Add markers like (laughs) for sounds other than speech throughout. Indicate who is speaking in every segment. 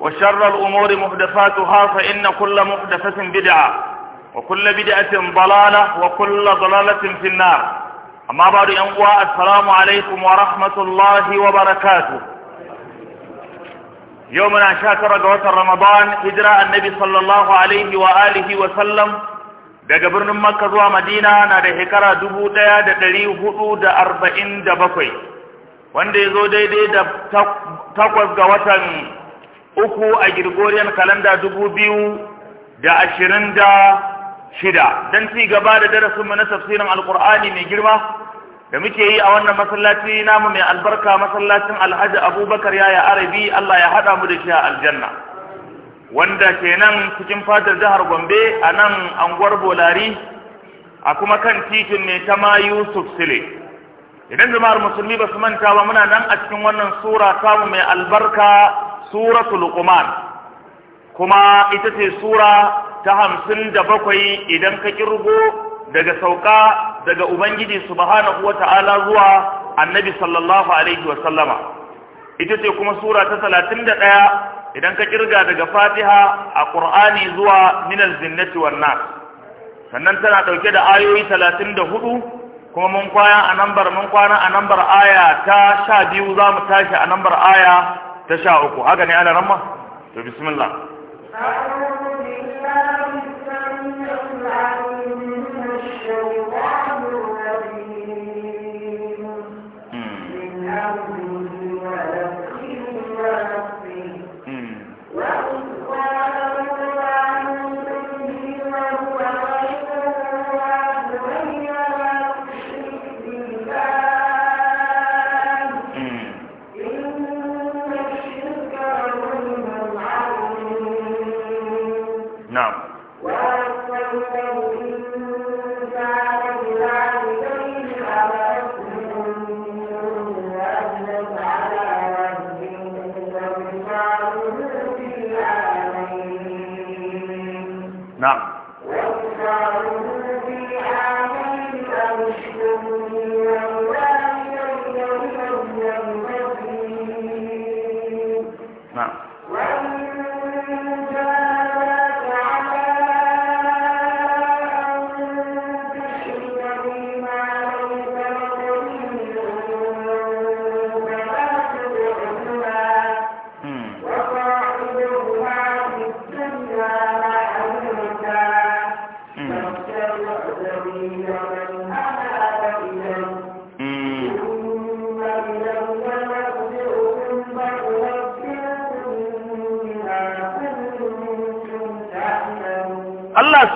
Speaker 1: وشر الأمور محدثاتها فإن كل محدثة بدعة وكل بدعة ضلالة وكل ضلالة في النار أما بعد أنواع السلام عليكم ورحمة الله وبركاته يومنا شاكر جوات رمضان هجرة النبي صلى الله عليه وآله وسلم بقبر birnin Makka zuwa Madina na da shekara dubu ɗaya da ɗari hudu da arba'in da bakwai uku a Gregorian kalanda dubu biyu da ashirin da shida don ci gaba da darasinmu na tafsirin alkur'ani mai girma da muke yi a wannan masallaci namu mai albarka masallacin alhaji abubakar yaya arabi allah ya haɗa mu da shi a aljanna wanda ke nan cikin fadar jihar gombe a nan anguwar bolari a kuma kan titin mai ta ma yusuf sile idan jama'ar musulmi ba su manta ba muna nan a cikin wannan sura samu mai albarka suratu luqman kuma ita ce sura ta hamsin da bakwai idan ka kirgo daga sauka daga ubangiji subhanahu wata'ala zuwa annabi sallallahu alaihi wa sallama ita ce kuma sura ta talatin da ɗaya idan ka kirga daga fatiha a ƙur'ani zuwa minal jinnati wan nas sannan tana ɗauke da ayoyi talatin da hudu kuma mun kwana a nambar mun kwana a nambar aya ta sha biyu za mu tashi a nambar aya ta sha uku haka ne ana ramma to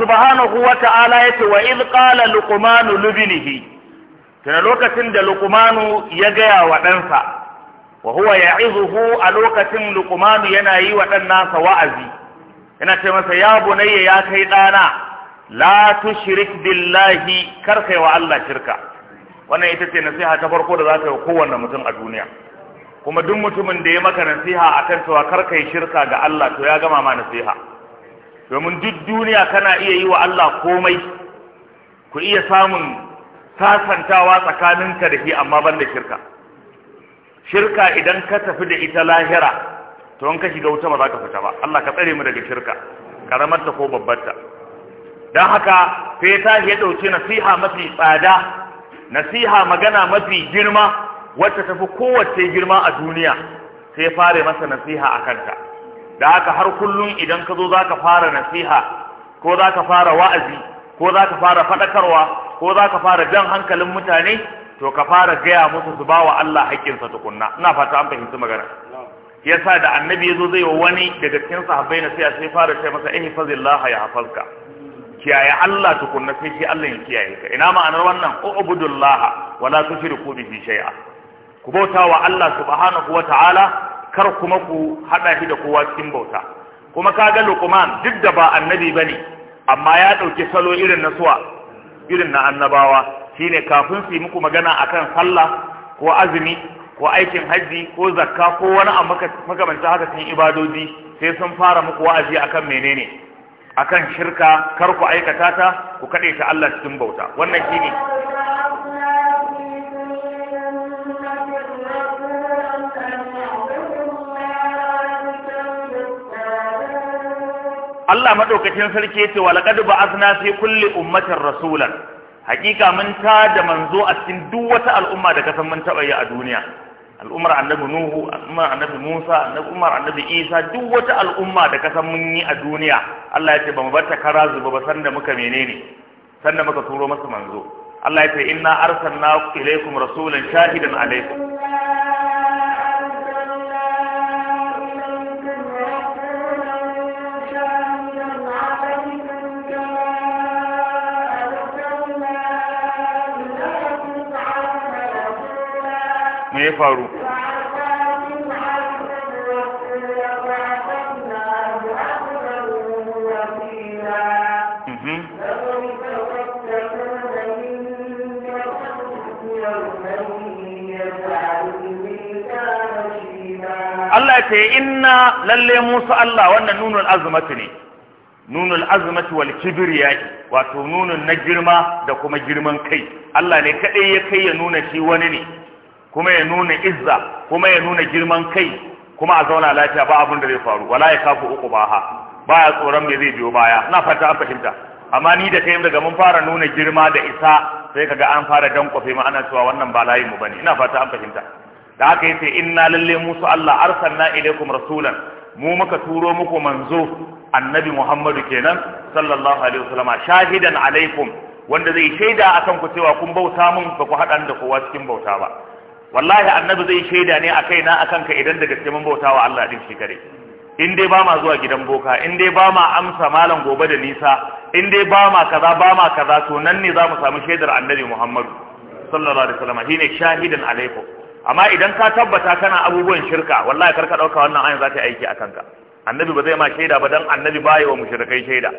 Speaker 1: subhanahu wa ta'ala ya ce wa iz qala luqmanu libnihi tana lokacin da lukmanu ya gaya wa ɗansa wa huwa ya'izuhu a lokacin luqmanu yana yi wa ɗan nasa wa'azi yana ce masa ya bunayya ya kai ɗana la tushrik billahi kar kai wa Allah shirka wannan ita ce nasiha ta farko da za ta yi kowanne mutum a duniya kuma duk mutumin da ya maka nasiha akan cewa kar kai shirka ga Allah to ya gama ma nasiha domin duk duniya kana iya yi wa Allah komai ku iya samun sasantawa tsakaninka da shi amma ban da shirka shirka idan ka tafi da ita lahira to in ka shiga wuta ba za ka fita ba Allah ka tsare mu daga shirka karamar ta ko babbarta. ta don haka sai ta ya ɗauki nasiha mafi tsada nasiha magana mafi girma wacce tafi kowace girma a duniya sai ya fare masa nasiha a kanta da haka har kullum idan ka zo za ka fara nasiha ko za ka fara wa'azi ko za ka fara faɗakarwa ko za ka fara jan hankalin mutane to ka fara gaya musu su ba wa Allah haƙƙinsa tukunna ina fata an fahimci magana yasa da annabi ya zo zai wa wani daga cikin sahabbai na sai sai fara sai masa eh fazillah ya hafalka kiyaye Allah tukunna sai shi Allah ya kiyaye ka ina ma'anar wannan ubudullah wala tushriku bihi shay'a ku bauta wa Allah subhanahu wa ta'ala kar kuma ku haɗa shi da kowa cikin bauta kuma ka ga luqman duk da ba annabi bane amma ya ɗauki salo irin na suwa irin na annabawa shine kafin su yi muku magana akan sallah ko azumi ko aikin hajji ko zakka ko wani abu makamancin haka cikin ibadoji sai sun fara muku wa'azi akan menene akan shirka kar ku aikata ta ku kaɗe ta Allah cikin bauta wannan shine Allah maɗaukacin sarki yace wa laqad ba'athna sai kulle ummatin rasulan hakika mun ta da manzo a cikin duk wata al'umma da kasan mun taɓa yi a duniya al'ummar annabi nuhu al'ummar annabi musa al'ummar annabi isa duk wata al'umma da kasan mun yi a duniya Allah ce ba mu bar kara zuba ba sanda muka menene sanda muka turo masa manzo Allah yace inna arsalna ilaykum rasulan shahidan alaykum me ya faru
Speaker 2: mhm. Allah
Speaker 1: ce inna lalle musa Allah wannan nunul azumatu ne nunul azumatu wal kibriya wato nunun na girma da kuma girman kai Allah ne kaɗai ya kai ya nuna shi wani ne kuma ya nuna izza kuma ya nuna girman kai kuma a zauna lafiya ba abin da zai faru wala ya kafu uku baha ya tsoron me zai biyo baya na fata an fahimta amma ni da kai daga mun fara nuna girma da isa sai kaga an fara dankwafe ma ana cewa wannan ba layin mu bane ina fata an fahimta da haka yace inna lalle musu Allah arsalna ilaikum rasulan mu muka turo muku manzo annabi Muhammadu kenan sallallahu alaihi wasallama shahidan alaikum wanda zai shaida akan ku cewa kun bauta mun ba ku hadan da kowa cikin bauta ba wallahi annabi zai shaida ne a kaina a kanka idan da gaske mun bauta wa Allah din shi kare in dai ba ma zuwa gidan boka in dai ba ma amsa malam gobe da nisa in dai ba ma kaza ba ma kaza to nan ne za mu samu shaidar annabi Muhammadu sallallahu alaihi wasallam shine shahidan alaikum amma idan ka tabbata kana abubuwan shirka wallahi kar ka dauka wannan ayin za ta yi aiki a kanka annabi ba zai ma shaida ba dan annabi ba ya wa mushrikai shaida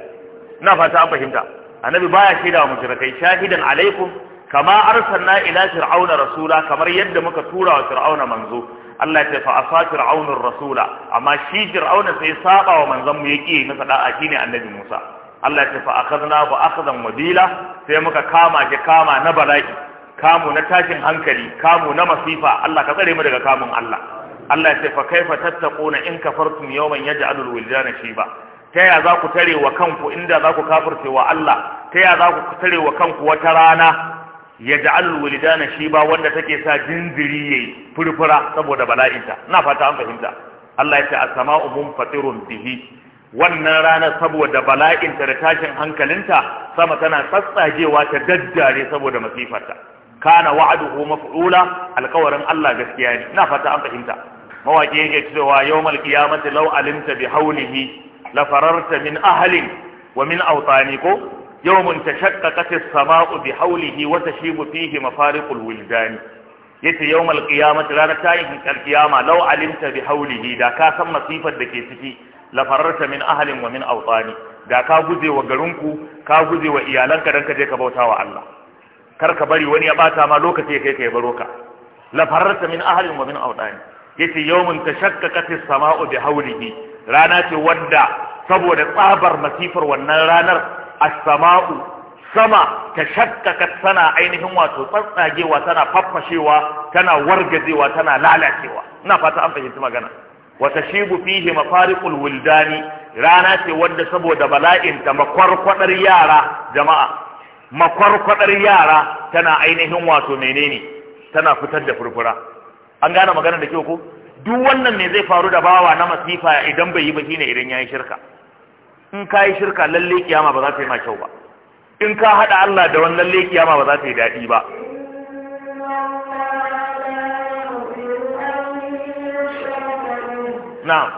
Speaker 1: ina fata an fahimta annabi baya shaida wa mushrikai shahidan alaikum kama arsalna ila fir'auna rasula kamar yadda muka tura wa fir'auna manzo Allah ya fa asa fir'aunur rasula amma shi fir'auna sai saba wa manzon mu yake masa da'a shine annabi Musa Allah ya fa akhadna fa akhadan wabila sai muka kama ji kama na bala'i kamu na tashin hankali kamu na masifa Allah ka tsare mu daga kamun Allah Allah ya fa kaifa tattaquna in kafartum yawman yaj'alul wildana shiba ta ya za ku tare wa kanku inda za ku kafirce wa Allah ta ya za ku tare wa kanku wata rana ya ja'al walidana shi ba wanda take sa ya yayi furfura saboda bala'inta ina fata an fahimta Allah ya ce as-sama'u munfatirun bihi wannan ranar saboda bala'inta da tashin hankalinta sama tana tsatsagewa ta daddare saboda masifarta kana wa'aduhu maf'ula alƙawarin Allah gaskiya ne ina fata an fahimta mawaki yake cewa yawmal qiyamati law alimta bi hawlihi la fararta min ahlin wa min awtani ko yawmun tashaqqaqat as-sama'u bi wata shi tashibu fihi mafariqul wildan yace yawmal qiyamati ranar tayin kiyama lau alimta bi haulihi. da ka san masifar da ke ciki lafararta min ahalin wa min awtani da ka guje wa garinku ka guje wa iyalanka don ka je ka bauta wa Allah kar ka bari wani ya bata ma lokaci ya kai ka kai baro ka Lafararta min ahalin wa min awtani yace ta shakka as-sama'u bi haulihi. rana ce wadda saboda tsabar masifar wannan ranar as-sama'u sama ta shakkaka tana ainihin wato tsatsagewa tana faffashewa tana wargajewa tana lalacewa ina fata an fahimci magana wa tashibu fihi mafariqul wuldani rana ce wanda saboda bala'in ta makwarkwadar yara jama'a makwarkwadar yara tana ainihin wato menene tana fitar da furfura an gane magana da kyau ko duk wannan ne zai faru da bawa na masifa idan bai yi ba shine idan yayi shirka in ka yi shirka lalle kiyama ba za ta yi ma kyau ba in ka haɗa Allah da wani lalle kiyama ba za ta yi daɗi ba
Speaker 2: na'am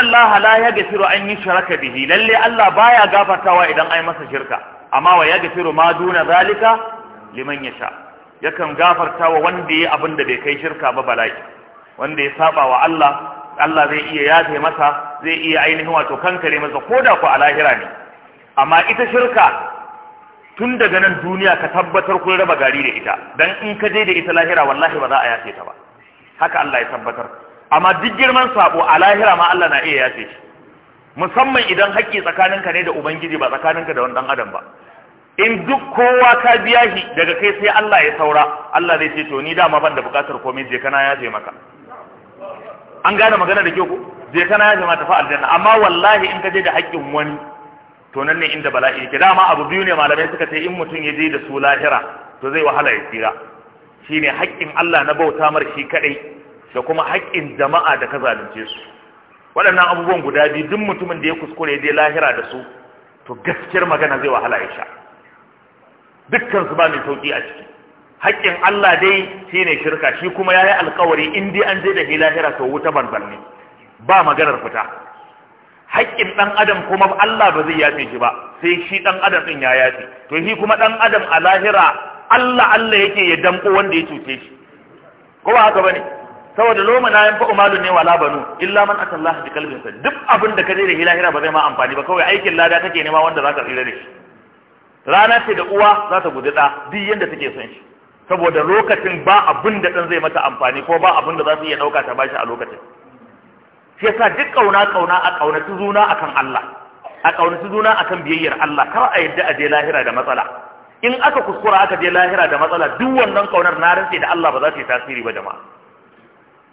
Speaker 2: inna allaha
Speaker 1: la yaghfiru an yushraka bihi lalle Allah baya gafartawa idan ai masa shirka amma wa yaghfiru ma duna zalika liman yasha yakan gafartawa wanda ya abin da bai kai shirka ba bala'i wanda ya saba wa Allah Allah zai iya yafe masa zai iya ainihin wato kankare masa koda ko a lahira ne amma ita shirka tun daga nan duniya ka tabbatar kun raba gari da ita dan in ka je da ita lahira wallahi ba za a yafe ta ba haka Allah ya tabbatar amma duk girman sabo a lahira ma Allah na iya yace shi musamman idan haƙƙi tsakaninka ne da ubangiji ba tsakaninka da wani dan adam ba in duk kowa ka biya shi daga kai sai Allah ya saura Allah zai ce to ni dama ban da bukatar komai je kana yafe maka an gane magana da kyau ko je kana yafe ma tafi aljanna amma wallahi in ka je da haƙƙin wani to nan ne inda bala'i yake dama abu biyu ne malamai suka ce in mutum ya je da su lahira to zai wahala ya tsira shine haƙƙin Allah na bauta mar shi kadai da kuma haƙƙin jama'a da ka zalunce su waɗannan abubuwan guda biyu duk mutumin da ya kuskure dai lahira da su to gaskiyar magana zai wahala ya sha dukkan su ba mai sauƙi a ciki haƙƙin Allah dai shine shirka shi kuma yayi alƙawari in dai an je da lahira to wuta banzan ne ba maganar fita haƙƙin ɗan adam kuma Allah ba zai yafe shi ba sai shi ɗan adam ɗin ya yafe to shi kuma ɗan adam a lahira Allah Allah yake ya danko wanda ya cuce shi ko ba haka bane saboda loma na yan fa'u malu ne wala banu illa man ata Allah bi qalbin sa duk abin da ka je da hilahira ba zai ma amfani ba kawai aikin lada kake nema wanda zaka tsira da shi rana ce da uwa za ta guji da duk yanda take son shi saboda lokacin ba abin da dan zai mata amfani ko ba abin da za su iya dauka ta bashi a lokacin shi yasa duk kauna kauna a kaunaci zuna akan Allah a kaunaci zuna akan biyayyar Allah kar a yadda a je lahira da matsala in aka kuskura aka je lahira da matsala duk wannan ƙaunar na rantse da Allah ba za ta yi tasiri ba jama'a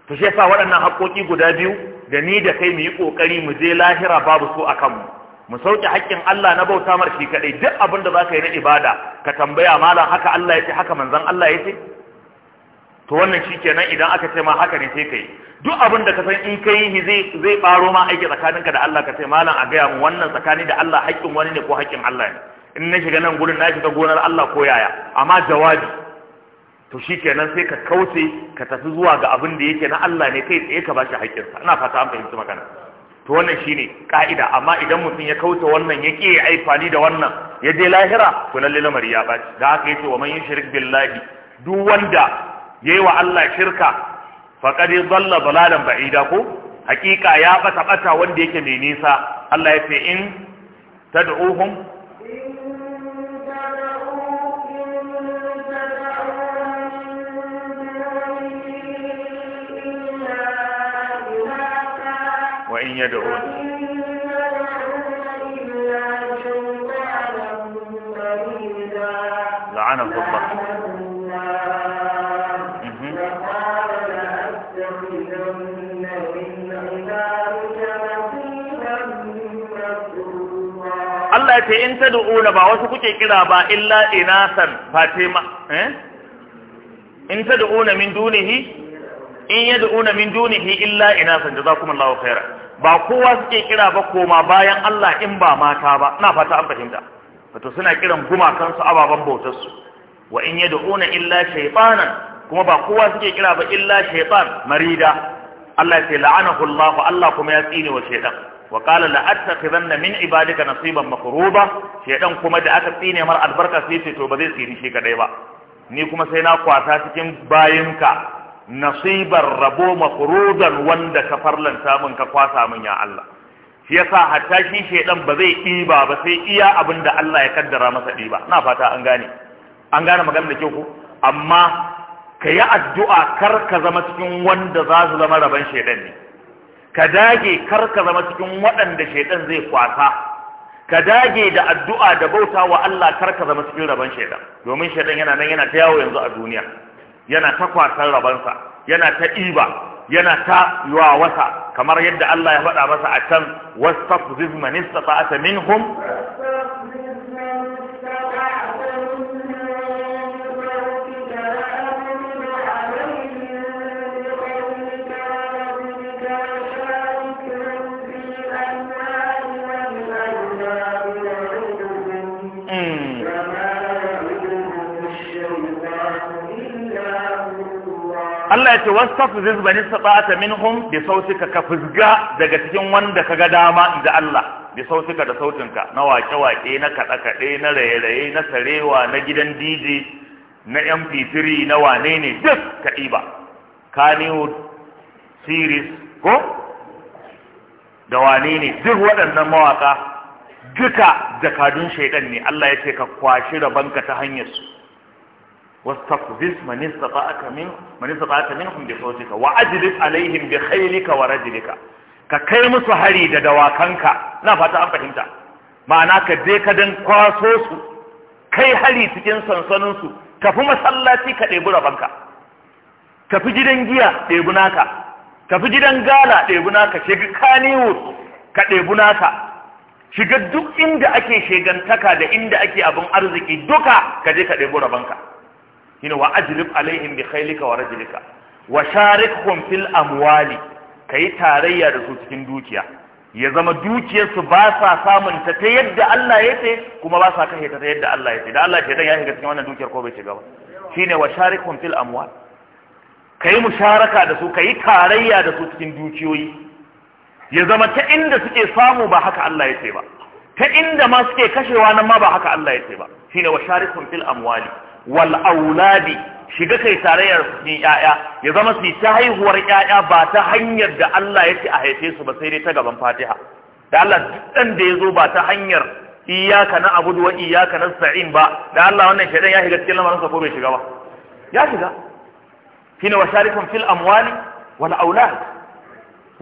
Speaker 1: to shi yasa waɗannan haƙoƙi guda biyu da ni da kai mu yi ƙoƙari mu je lahira babu su a kanmu mu sauke haƙƙin Allah na bauta mar shi kaɗai duk abin da za ka yi na ibada ka tambaya malam haka Allah ya ce haka manzon Allah ya ce to wannan shi kenan idan aka ce ma haka ne sai kai duk abin da ka san in kai ni zai zai ɓaro ma aiki tsakaninka da Allah ka ce malam a gaya mu wannan tsakani da Allah haƙƙin wani ne ko haƙƙin Allah ne in na shiga nan gurin na shiga gonar Allah ko yaya amma jawabi to shi kenan sai ka kauce ka tafi zuwa ga abin da yake na Allah ne kai tsaye ka bashi haƙƙinsa ina fata an fahimci magana to wannan shine ƙa'ida. amma idan mutum ya kauce wannan ya ƙi aifani da wannan ya je lahira to lalle lamari ya baci da haka yace wa man yushrik billahi duk wanda yayi wa Allah shirka faqad dhalla dalalan ba'ida ko hakika ya bata bata wanda yake mai nisa Allah ya ce in tad'uhum
Speaker 2: يدعون لعنه الله Allah ce
Speaker 1: in ta du'una ba wasu kuke kira ba illa inasan fatima eh in ta du'una min dunihi in yad'una min dunihi illa inasan jazakumullahu khairan ba kowa suke kira ba koma bayan Allah in ba mata ba ina fata an fahimta wato suna kiran gumakansu ababen bautarsu wa in yad'una illa shaytanan kuma ba kowa suke kira ba illa shaytan marida Allah ya la'anahu Allah Allah kuma ya tsine wa shaytan wa qala la attakhidanna min ibadika nasiban maqruba shaytan kuma da aka tsine mar albarka sai to ba zai tsini shi kadai ba ni kuma sai na kwata cikin bayinka nasibar rabo mafrudan wanda ka farlanta min ka kwasa min ya Allah shi yasa hatta shi shedan ba zai ɗiba ba sai iya abinda da Allah ya kaddara masa ɗiba na fata an gane an gane magana da kyau ku. amma ka yi addu'a kar ka zama cikin wanda za su zama raban shedan ne ka dage kar ka zama cikin waɗanda shedan zai kwasa ka dage da addu'a da bauta wa Allah kar ka zama cikin raban shedan domin shedan yana nan yana ta yawo yanzu a duniya yana ta kwasan rabansa yana ta iba yana ta yiwa wasa kamar yadda Allah ya faɗa masa a can wastafzif man istata'ta minhum Allah ya ce wastafziz bani min minhum bi sautika ka fizga daga cikin wanda kaga dama da Allah bi sautika da sautinka na wake-wake na kaɗe-kaɗe na raye-raye na sarewa na gidan DJ na MP3 na wane ne duk ka ɗiba Kannywood series ko da wane ne duk waɗannan mawaka duka jakadun shaidan ne Allah ya ce ka kwashi rabanka ta hanyar su واستقبس من استطاعك من من استطاعك منهم بصوتك واجلب عليهم بخيلك ورجلك ka kai musu hari da dawakanka na fata an fahimta ma'ana ka je ka dan kwaso su kai hari cikin sansanin su tafi masallaci ka ɗebi rabanka tafi gidan giya ɗebunaka, naka tafi gidan gala ɗebi naka shiga kaniwo ka ɗebi naka shiga duk inda ake shegantaka da inda ake abin arziki duka ka je ka ɗebi rabanka shine wa ajlib alaihim bi khailika wa rajlika wa sharikhum fil amwali kai tarayya da su cikin dukiya ya zama dukiyarsu ba sa samun ta ta yadda Allah ya ce kuma ba sa kashe ta ta yadda Allah ya ce da Allah ce shedan ya shiga cikin wannan dukiyar ko bai shiga ba shine wa sharikhum fil amwal kai musharaka da su kai tarayya da su cikin dukiyoyi ya zama ta inda suke samu ba haka Allah ya ce ba ta inda ma suke kashewa nan ma ba haka Allah ya ce ba shine wa sharikhum fil amwali wal auladi shiga kai tarayyar yin ya zama su ta haihuwar 'ya'ya ba ta hanyar da Allah ya ce a haife su ba sai dai ta gaban Fatiha da Allah duk da ya zo ba ta hanyar iyaka na abudu wa na Sa'in ba da Allah wannan shedan ya shiga cikin lamarin sa ko bai shiga ba ya shiga fina washarikum fil amwali wal aulad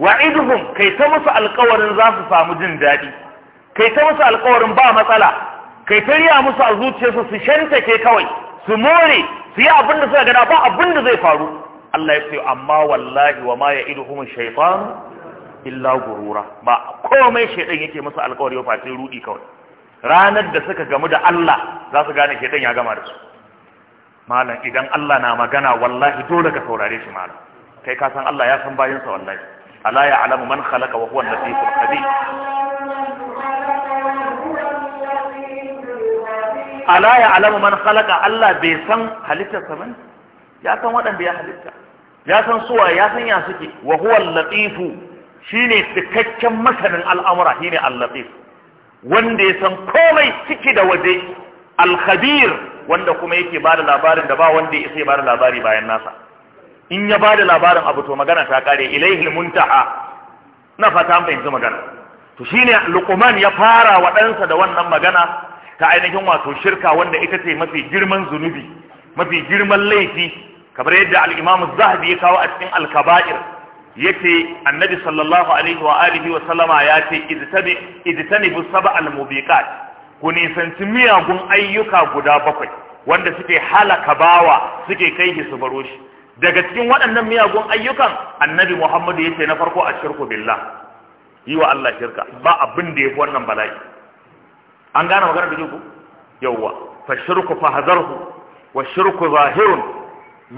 Speaker 1: wa'iduhum kai ta musu alƙawarin za su samu jin daɗi kai ta musu alƙawarin ba matsala kai ta riya musu a zuciyarsu su ke kawai su more su yi abin da suka gada ba abin da zai faru Allah ya ce amma wallahi wa ma kuma shaifan illa gurura ba komai shaidan yake musu alkawari ba sai rudi kawai ranar da suka gamu da Allah za su gane shaidan ya gama da su malam idan Allah na magana wallahi dole ka saurare shi malam kai ka san Allah ya san bayinsa wallahi ala ya alamu man khalaqa wa huwa al-latiful
Speaker 2: khabir ala ya alamu man
Speaker 1: khalaqa Allah bai san halittarsa bane ya san waɗanda ya halitta ya san suwa ya san ya suke wa huwa latifu shine cikakken masanin al'amura shine al-latif wanda ya san komai ciki da waje al-khabir wanda kuma yake bada labarin da ba wanda ya sai bada labari bayan nasa in ya bada labarin abu to magana ta kare ilaihil muntaha na fata an fahimci magana to shine luqman ya fara wa ɗansa da wannan magana ta ainihin wato shirka wanda ita ce mafi girman zunubi mafi girman laifi kamar yadda al-Imam Zahabi ya kawo a cikin al-Kaba'ir yace Annabi sallallahu alaihi wa alihi wa sallama ce, idtabi idtanibu sab'al mubiqat ku nisanci miyagun ayyuka guda bakwai wanda suke halaka bawa suke kai shi su baro shi daga cikin waɗannan miyagun ayyukan Annabi Muhammad yace na farko ashirku billah yi wa Allah shirka ba abin da yafi wannan bala'i an gane maganar da ku yawwa fa shirku fa hazarhu wa shirku zahirun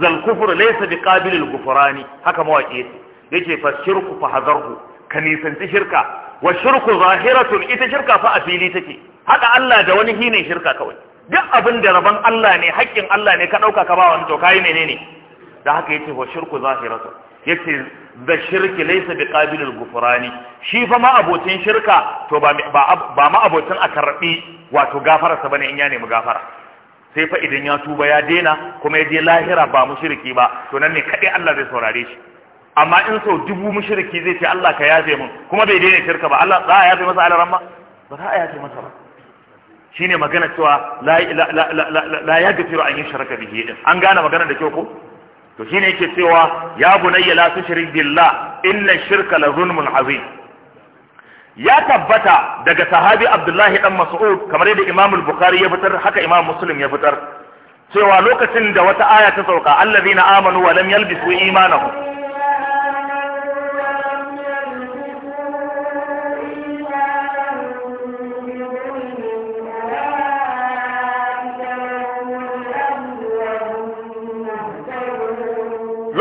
Speaker 1: zal kufru laysa bi qabilil gufrani haka mawaki yace yace fa shirku fa hazarhu ka nisanci shirka wa shirku zahiratun ita shirka fa a fili take haka Allah da wani hine shirka kawai duk abin da rabon Allah ne haƙƙin Allah ne ka dauka ka ba wani to kayi menene da haka yace wa shirku zahiratun yace da shirki laisa bi qabilul gufrani shi fa ma abotin shirka to ba ba ma abotin a karbi wato gafara sa bane in ya nemi gafara sai fa idan ya tuba ya dena kuma ya je lahira ba mushriki ba to nan ne kadai Allah zai saurare shi amma in sau dubu mushriki zai ce Allah ka yafe mun kuma bai daina shirka ba Allah za a yafe masa alaran ba za a yafe masa ba shine magana cewa la la la la la yaghfiru an yushraka bihi an gane magana da kyau ko to shi ne yake cewa ya bunayya la tushrik billah inna shirka la zulmun azim ya tabbata daga sahabi Abdullahi dan Mas'ud kamar yadda Imam al-Bukhari ya fitar haka Imam Muslim ya fitar cewa lokacin da wata aya ta sauka allazina amanu wa lam yalbisu imanahum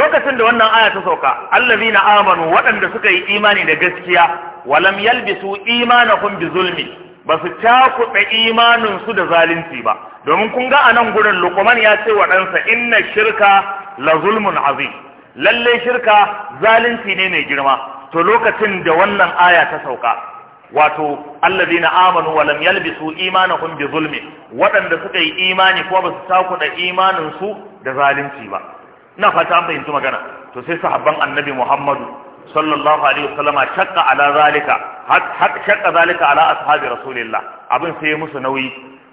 Speaker 1: lokacin da wannan aya ta sauka allazina amanu waɗanda suka yi imani da gaskiya walam yalbisu imanahum bi zulmi basu su imanin imaninsu da zalunci ba domin kun ga anan gurin lukman ya ce waɗansa ɗansa inna shirka la zulmun azim lalle shirka zalunci ne mai girma to lokacin da wannan aya ta sauka wato allazina amanu walam yalbisu imanahum bi zulmi waɗanda suka yi imani kuma basu su imanin su da zalunci ba ina fata an fahimci magana to sai sahabban annabi muhammadu sallallahu alaihi wasallama shakka ala zalika shakka zalika ala ashabi rasulillah abin sai ya musu nauyi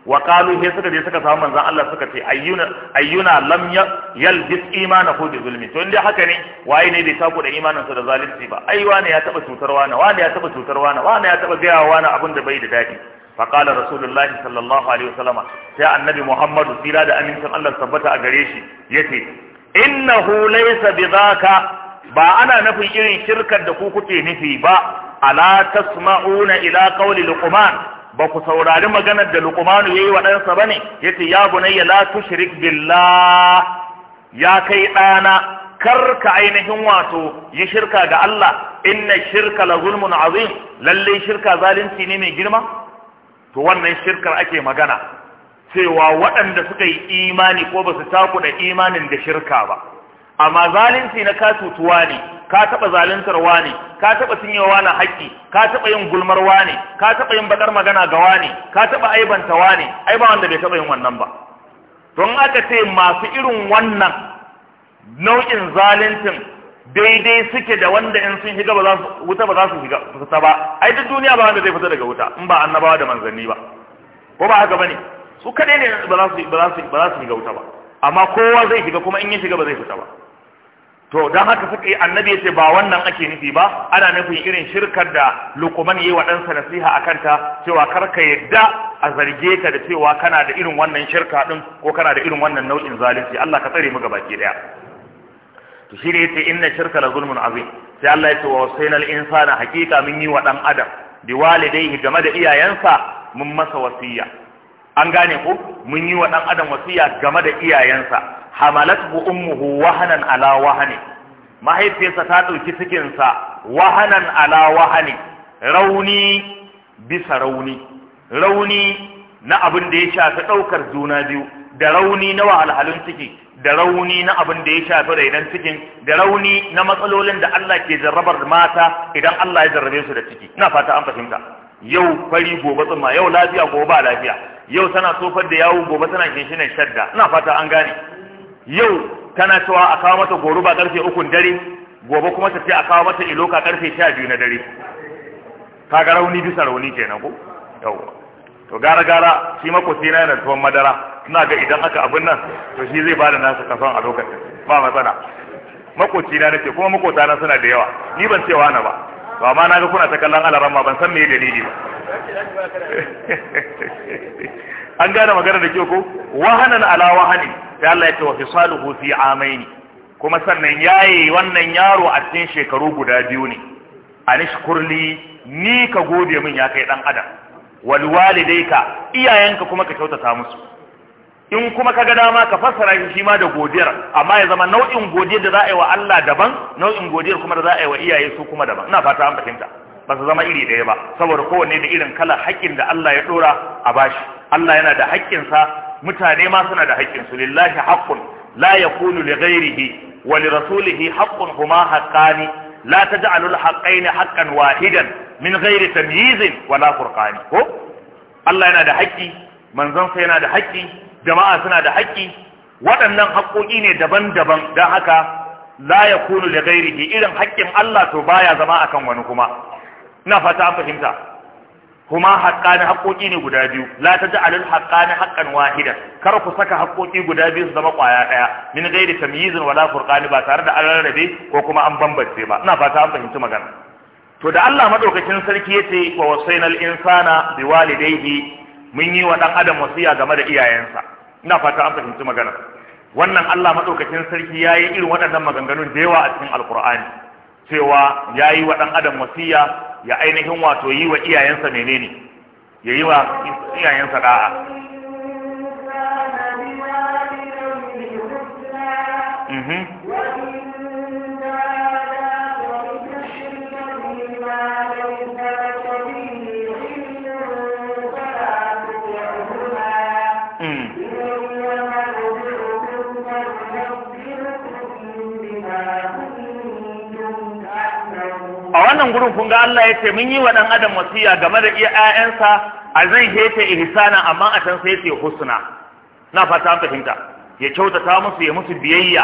Speaker 1: wa qalu he suka je suka samu manzon Allah suka ce ayyuna ayyuna lam yalbis imanahu bi zulmi to inda haka ne waye ne bai sako da imanin sa da zalunci ba ai wane ya taba cutar wani wani ya taba cutar wani wani ya taba gaya wani abin da bai da dadi فقال رسول الله صلى الله عليه sai annabi Muhammadu sira da amincin Allah tabbata a gare shi yace innahu laysa bidhaka ba ana nufin irin shirkar da ku kuke nufi ba ala tasma'una ila qawli luqman ba ku saurari maganar da luqman yayi wa ɗansa bane yace ya bunayya la tushrik billah ya kai ɗana kar ka ainihin wato yi shirka ga Allah inna shirka la zulmun azim lalle shirka zalunci ne mai girma to wannan shirkar ake magana cewa waɗanda suka yi imani ko ba su da imanin da shirka ba amma zalunci na ka tutuwa ne ka taɓa zaluntarwa ne ka taɓa cinyewa na haƙƙi ka taɓa yin gulmarwa ne ka taɓa yin bakar magana ga wani ka taɓa aibanta ne ai ba wanda bai taɓa yin wannan ba don aka ce masu irin wannan nau'in zaluncin daidai suke da wanda in sun shiga ba wuta ba za su shiga fita ba ai duk duniya ba wanda zai fita daga wuta in ba annabawa da manzanni ba ko ba haka ba ne? su kaɗai ne ba za su shiga wuta ba amma kowa zai shiga kuma in ya shiga ba zai fita ba to don haka suka yi annabi ya ce ba wannan ake nufi ba ana nufin irin shirkar da lukuman yi wa ɗansa nasiha a kanta cewa kar ka yadda a zarge ka da cewa kana da irin wannan shirka ɗin ko kana da irin wannan nau'in zalunci Allah ka tsare mu ke daya. to shi ne ya ce inna shirka la zulmun azim sai Allah ya ce wa wasainal insana hakika mun yi wa ɗan adam bi walidai game da iyayensa mun masa wasiyya. an gane ko mun yi wa dan adam wasiya game da iyayensa bu ummuhu wahanan ala wahani mahaifiyarsa ta dauki cikin sa wahanan ala wahani rauni bisa rauni rauni na abin da ya shafi ɗaukar juna biyu da rauni na wahalhalun ciki da rauni na abin da ya shafi rainan cikin da rauni na matsalolin da Allah ke jarrabar mata idan Allah ya jarrabe su da ciki ina fata an fahimta yau fari gobe tsumma yau lafiya gobe ba lafiya yau tana tsofar da yawo gobe tana kinshinan shadda ina fata an gane yau tana cewa a kawo mata goruba karfe ukun dare gobe kuma ta ce a kawo mata iloka karfe sha biyu na dare ga rauni bisa rauni kenan ko yawwa to gara gara shi makoci na yana tuwon madara ina ga idan aka abin nan to shi zai bada nasa kason a lokacin ba matsala makoci na nake kuma makwasa na suna da yawa ni ban cewa na ba to amma na ga kuna ta kallon alarama ban san me dalili ba an gane magana da kyau ko wahanan ala wahani sai Allah ya ce wa fisaluhu fi amaini kuma sannan yayi wannan yaro a cikin shekaru guda biyu ne anishkurli ni ka gode min ya kai dan adam wal walidayka iyayenka kuma ka kyautata musu in kuma ka ga dama ka fassara shi ma da godiyar amma ya zama nau'in godiyar da za a yi wa Allah daban nau'in godiyar kuma da za a yi wa iyaye su kuma daban ina fata an fahimta ba su zama iri ɗaya ba saboda kowanne da irin kala haƙƙin da Allah ya ɗora a bashi Allah yana da haƙƙinsa mutane ma suna da haƙƙinsu lillahi haqqun la yakunu li ghairihi wa li rasulihi haqqun huma haqqani la taj'alu al haqqaini haqqan wahidan min ghairi tamyiz wa la furqani ko Allah yana da haƙƙi manzon sa yana da haƙƙi jama'a suna da haƙƙi waɗannan haƙƙoƙi ne daban-daban don haka la ya kunu da gairiki irin haƙƙin Allah to baya zama akan wani kuma ina fata an fahimta kuma haƙƙani haƙƙoƙi ne guda biyu la ta ji alil haƙƙani haƙƙan wahida kar ku saka haƙƙoƙi guda biyu su zama ƙwaya ɗaya min gairi tamyizin wala furqani ba tare da an rarrabe ko kuma an bambance ba ina fata an fahimci magana to da Allah madaukakin sarki ya ce wa wasainal insana biwalidayhi mun yi wa ɗan adam wasiya game da iyayensa ina fata an fahimci magana wannan Allah madaukakin sarki ya yi irin waɗannan maganganun da yawa a cikin alqur'ani cewa ya yi wa dan adam wasiya ya ainihin wato yi wa iyayensa menene yayi wa iyayensa da'a
Speaker 2: mhm a wannan
Speaker 1: gurin kun ga Allah ya ce mun yi wa dan adam wasiya game da iya ƴaƴansa a zai hete ihsana amma a can sai ya ce husna na fata an fahimta ya kyautata musu ya musu biyayya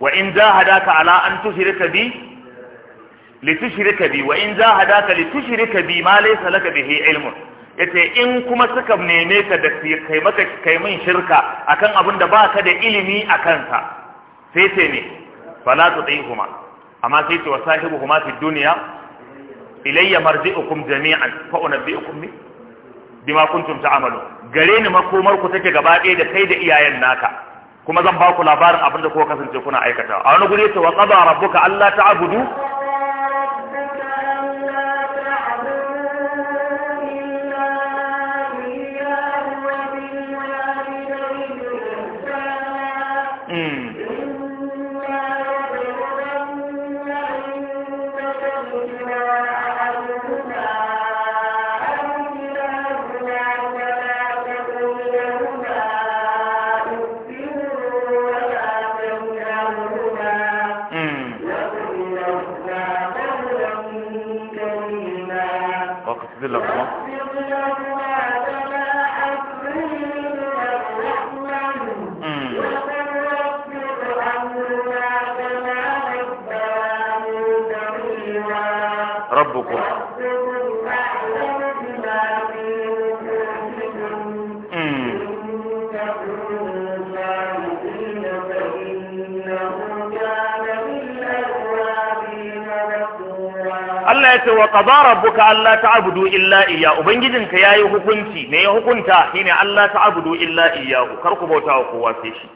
Speaker 1: wa in jahadaka ala an tushrika bi tushrika bi wa in jahadaka tushrika bi ma laysa laka bihi ilmun yace in kuma suka neme ka da kai maka kai min shirka akan abin da baka da ilimi akan sa sai ce ne fala kuma. amma sai ce wa sahibu kuma fi duniya ilayya marji'ukum jami'an fa unabbi'ukum bi bima kuntum ta'malu gare ni makomar ku take gaba ɗaya da kai da iyayen naka kuma zan ba ku labarin abin da kuka kasance kuna aikata a wani guri yace wa qada rabbuka alla ta'budu ce wa ka allah alla ta'budu illa iya ubangijin ubangijinka yayi hukunci me ya hukunta shine Allah ta'budu illa iya kar ku bauta wa kowa sai shi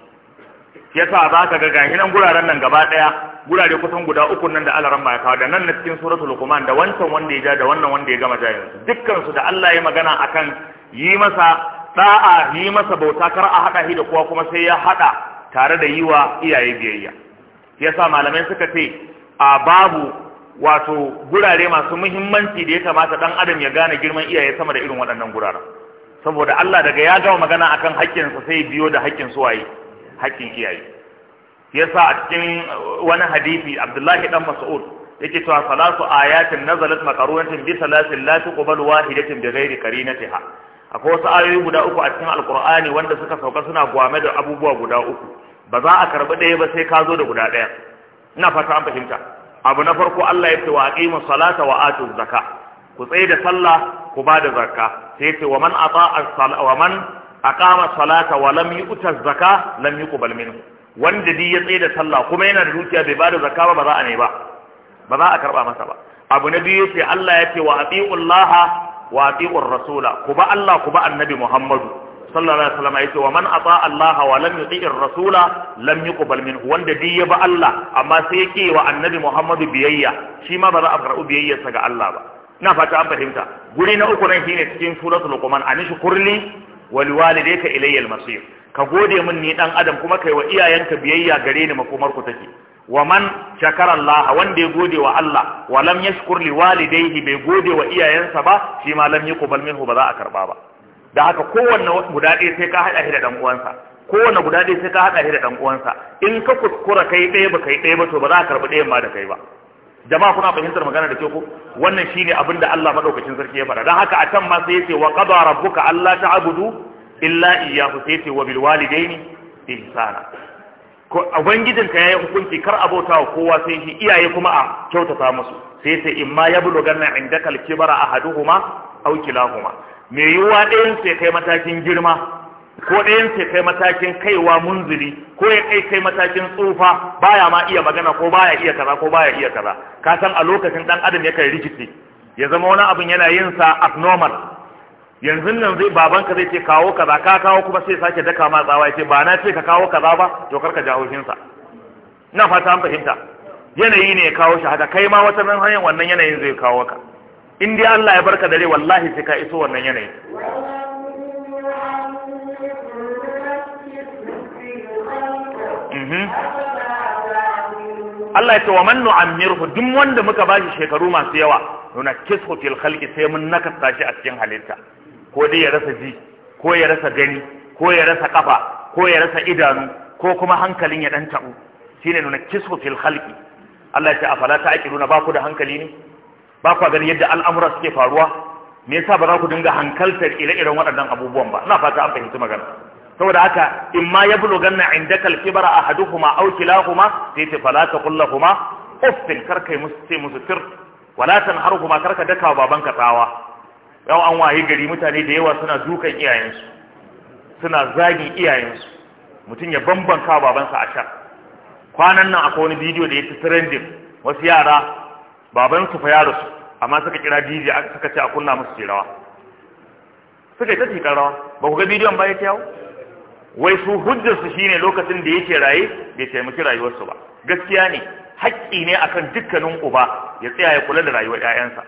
Speaker 1: yasa za ka ga gashi nan guraren nan gaba daya gurare kusan guda uku nan da alaran ma ya kawo da nan na cikin suratul luqman da wancan wanda ya ja da wannan wanda ya gama ja yanzu dukkan su da Allah ya magana akan yi masa da'a yi masa bauta kar a hada shi da kowa kuma sai ya hada tare da yiwa iyaye biyayya yasa malamai suka ce a babu wato gurare masu muhimmanci da ya kamata dan adam ya gane girman iyaye sama da irin waɗannan gurare. saboda Allah daga ya gama magana akan haƙƙinsa sai biyo da haƙƙin suwaye haƙƙin iyaye yasa a cikin wani hadisi Abdullahi dan Mas'ud yake cewa salatu ayatin nazalat maqarunatin bi salatin la tuqbalu wahidatin bi ghairi qarinatiha akwai wasu ayoyi guda uku a cikin alqur'ani wanda suka sauka suna gwame da abubuwa guda uku ba za a karbi ɗaya ba sai ka zo da guda ɗaya ina fata an fahimta abu na farko Allah ya ce wa aqimu salata wa atu zakka ku tsaye da sallah ku ba da zakka sai ya ce wa man ata'a wa man aqama salata wa lam yu'ta zakka lam yuqbal minhu wanda dai ya tsaye da sallah kuma yana da dukiya bai ba da zakka ba ba za a ne ba ba za a karba masa ba abu na biyu sai Allah ya ce wa ati'ullaha wa ati'ur rasula ku ba Allah ku ba annabi Muhammadu sallallahu ya wasallam yace wa man ata Allah wa lam yuti rasula lam yuqbal minhu wanda duk ya ba Allah amma sai yake wa annabi Muhammadu biyayya shi ma ba za a karɓi biyayyarsa ga Allah ba ina fata an fahimta guri na uku na shine cikin suratul luqman anishi kurli wal walidayka ilayya al masir ka gode min ni dan adam kuma kai wa iyayenka biyayya gare ni makomar ku take wa man shakara Allah wanda ya gode wa Allah wa lam yashkur li walidayhi bai gode wa iyayensa ba shima ma lam yuqbal minhu ba za a karɓa ba da haka kowanne guda ɗaya sai ka haɗa shi da ɗan uwansa kowanne guda ɗaya sai ka haɗa shi da ɗan uwansa in ka kuskura kai ɗaya ba kai ɗaya ba to ba za ka karɓi ɗayan ma da kai ba jama'a kuna fahimtar magana da ke ku wannan shine abin da Allah madaukakin sarki ya faɗa dan haka a can ma sai yace wa qada rabbuka alla ta'budu illa iyyahu sai yace wa bil walidaini ihsana ko ubangijinka yayi hukunci kar abota wa kowa sai shi iyaye kuma a kyautata musu sai yace imma yabluganna indaka al-kibara ahaduhuma aw kilahuma mai yiwuwa ɗayan sai kai matakin girma ko ɗayan sai kai matakin kaiwa munzuri ko ya kai kai matakin tsufa baya ma iya magana ko baya iya kaza ko baya iya kaza ka san a lokacin ɗan adam ya kai rikici. ya zama wani abin yana yin sa abnormal yanzu nan zai baban ka zai ce kawo kaza ka kawo kuma sai sake daka ma tsawa ce ba na ce ka kawo kaza ba to karka shin sa na fata an fahimta yanayi ne ya kawo shi haka kai ma wata nan hanyar wannan yanayin zai kawo ka in dai Allah ya barka dare wallahi sai ka iso wannan yanayi
Speaker 2: mhm. Allah ya ce wa man nu'ammirhu
Speaker 1: duk wanda muka bashi shekaru masu yawa nuna kishu fil khalqi sai mun naka shi a cikin halitta ko dai ya rasa ji ko ya rasa gani ko ya rasa kafa ko ya rasa idanu ko kuma hankalin ya dan tabu shine nuna kishu fil khalqi Allah ya ce afala ta'qiluna ba ku da hankali ne ba kwa ganin yadda al'amura suke faruwa me yasa ba za ku dinga hankaltar ire-iren waɗannan abubuwan ba ina fata an fahimci magana saboda haka in ma ya bulo ganna inda kalkibara a haduhuma au kilahuma sai ta fala ta kullahuma uffin karka yi musu sai musu sir wala tanharhuma karka daka wa babanka tsawa yau an waye gari mutane da yawa suna dukan iyayensu suna zagin iyayensu mutum ya bambanka babansa a sha kwanan nan akwai wani bidiyo da ya ci trending wasu yara baban su fa yaro rasu amma suka kira DJ suka ce a kunna musu tirawa suka yi ta tikar rawa ba ku ga bidiyon ba ya kyawu wai su hujjar su shine lokacin da yake raye bai taimaki rayuwarsu ba gaskiya ne haƙƙi ne akan dukkanin uba ya tsaya ya kula da rayuwar ƴaƴansa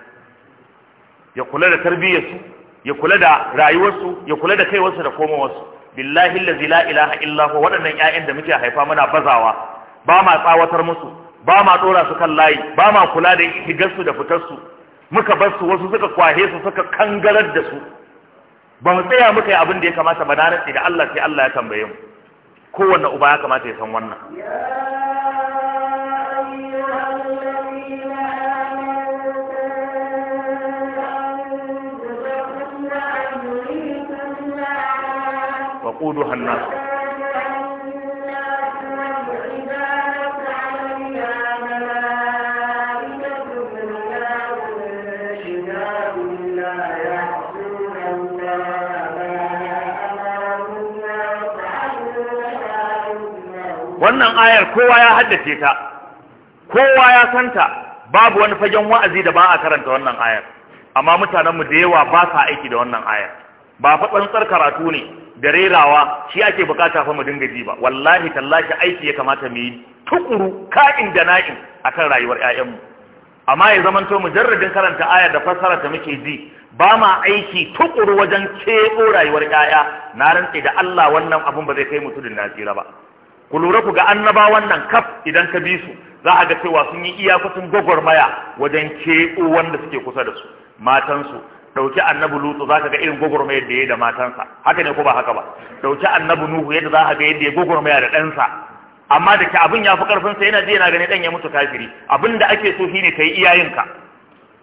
Speaker 1: ya kula da tarbiyyarsu ya kula da rayuwarsu ya kula da kaiwarsu da komowarsu billahi allazi la ilaha illa huwa waɗannan ƴaƴan da muke haifa muna bazawa ba ma tsawatar musu ba ma dora su kan layi ba ma kula da higarsu da fitarsu muka bar su wasu suka kwahe su suka kangarar da su ba mu tsaya muka yi abin da ya kamata ba na rantsi da Allah sai Allah ya tambaye mu kowanne uba ya kamata ya san wannan
Speaker 2: وقودها الناس wannan
Speaker 1: ayar kowa ya haddace ta kowa ya santa babu wani fagen wa'azi da ba a karanta wannan ayar amma mutanenmu da yawa ba sa aiki da wannan ayar ba fa tsantsar karatu ne da rerawa shi ake bukata fa mu dinga ji ba wallahi tallahi aiki ya kamata mu yi tukuru ka'in da na'in akan rayuwar ƴaƴanmu amma ya zamanto mujarradin karanta ayar da fassara ta muke ji ba ma aiki tukuru wajen keɓo rayuwar ƴaƴa na rantse da Allah wannan abun ba zai kai mutudin tudun nasira ba ku lura ku ga annaba wannan kaf idan ka bi su za a ga cewa sun yi iyakacin gwagwarmaya wajen keɓo wanda suke kusa da su matansu ɗauki annabi lutu za ka ga irin gwagwarmayar da ya da matansa haka ne ko ba haka ba ɗauki annabi nuhu yadda za ka ga yadda ya gwagwarmaya da ɗansa amma da ke abin ya fi ƙarfinsa yana ji yana gani ɗan ya mutu kafiri abin da ake so shine ka yi iyayenka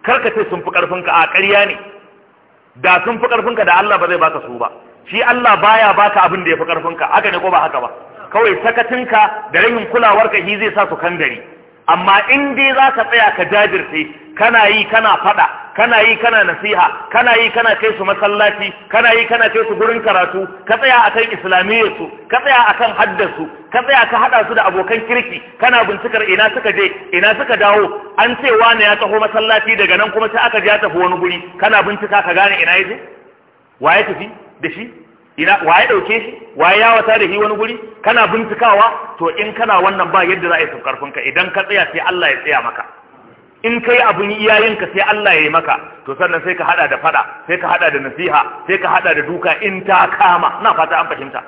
Speaker 1: kar ka ce sun fi ƙarfinka a ƙarya ne da sun fi ƙarfinka da Allah ba zai baka su ba shi Allah baya baka abin da ya fi ƙarfinka haka ne ko ba haka ba kawai sakatinka da rahin kulawarka shi zai sa su kan gari, amma in dai za ka tsaya ka jajirce kana yi kana fada kana yi kana nasiha kana yi kana kai su masallaci kana yi kana kai su gurin karatu ka tsaya akan islamiyyarsu su ka tsaya akan haddar su ka tsaya ka hada su da abokan kirki kana bincikar ina suka je ina suka dawo an ce wani ya taho masallaci daga nan kuma sai aka je ya tafi wani guri kana bincika ka gane ina yaje wa ya tafi da shi ina waye dauke shi waye ya wata da shi wani guri kana bincikawa to in kana wannan ba yadda za a yi su ka idan ka tsaya sai Allah ya tsaya maka in kai abun iyayenka sai Allah ya yi maka to sannan sai ka hada da fada sai ka hada da nasiha sai ka hada da duka in ta kama na fata an fahimta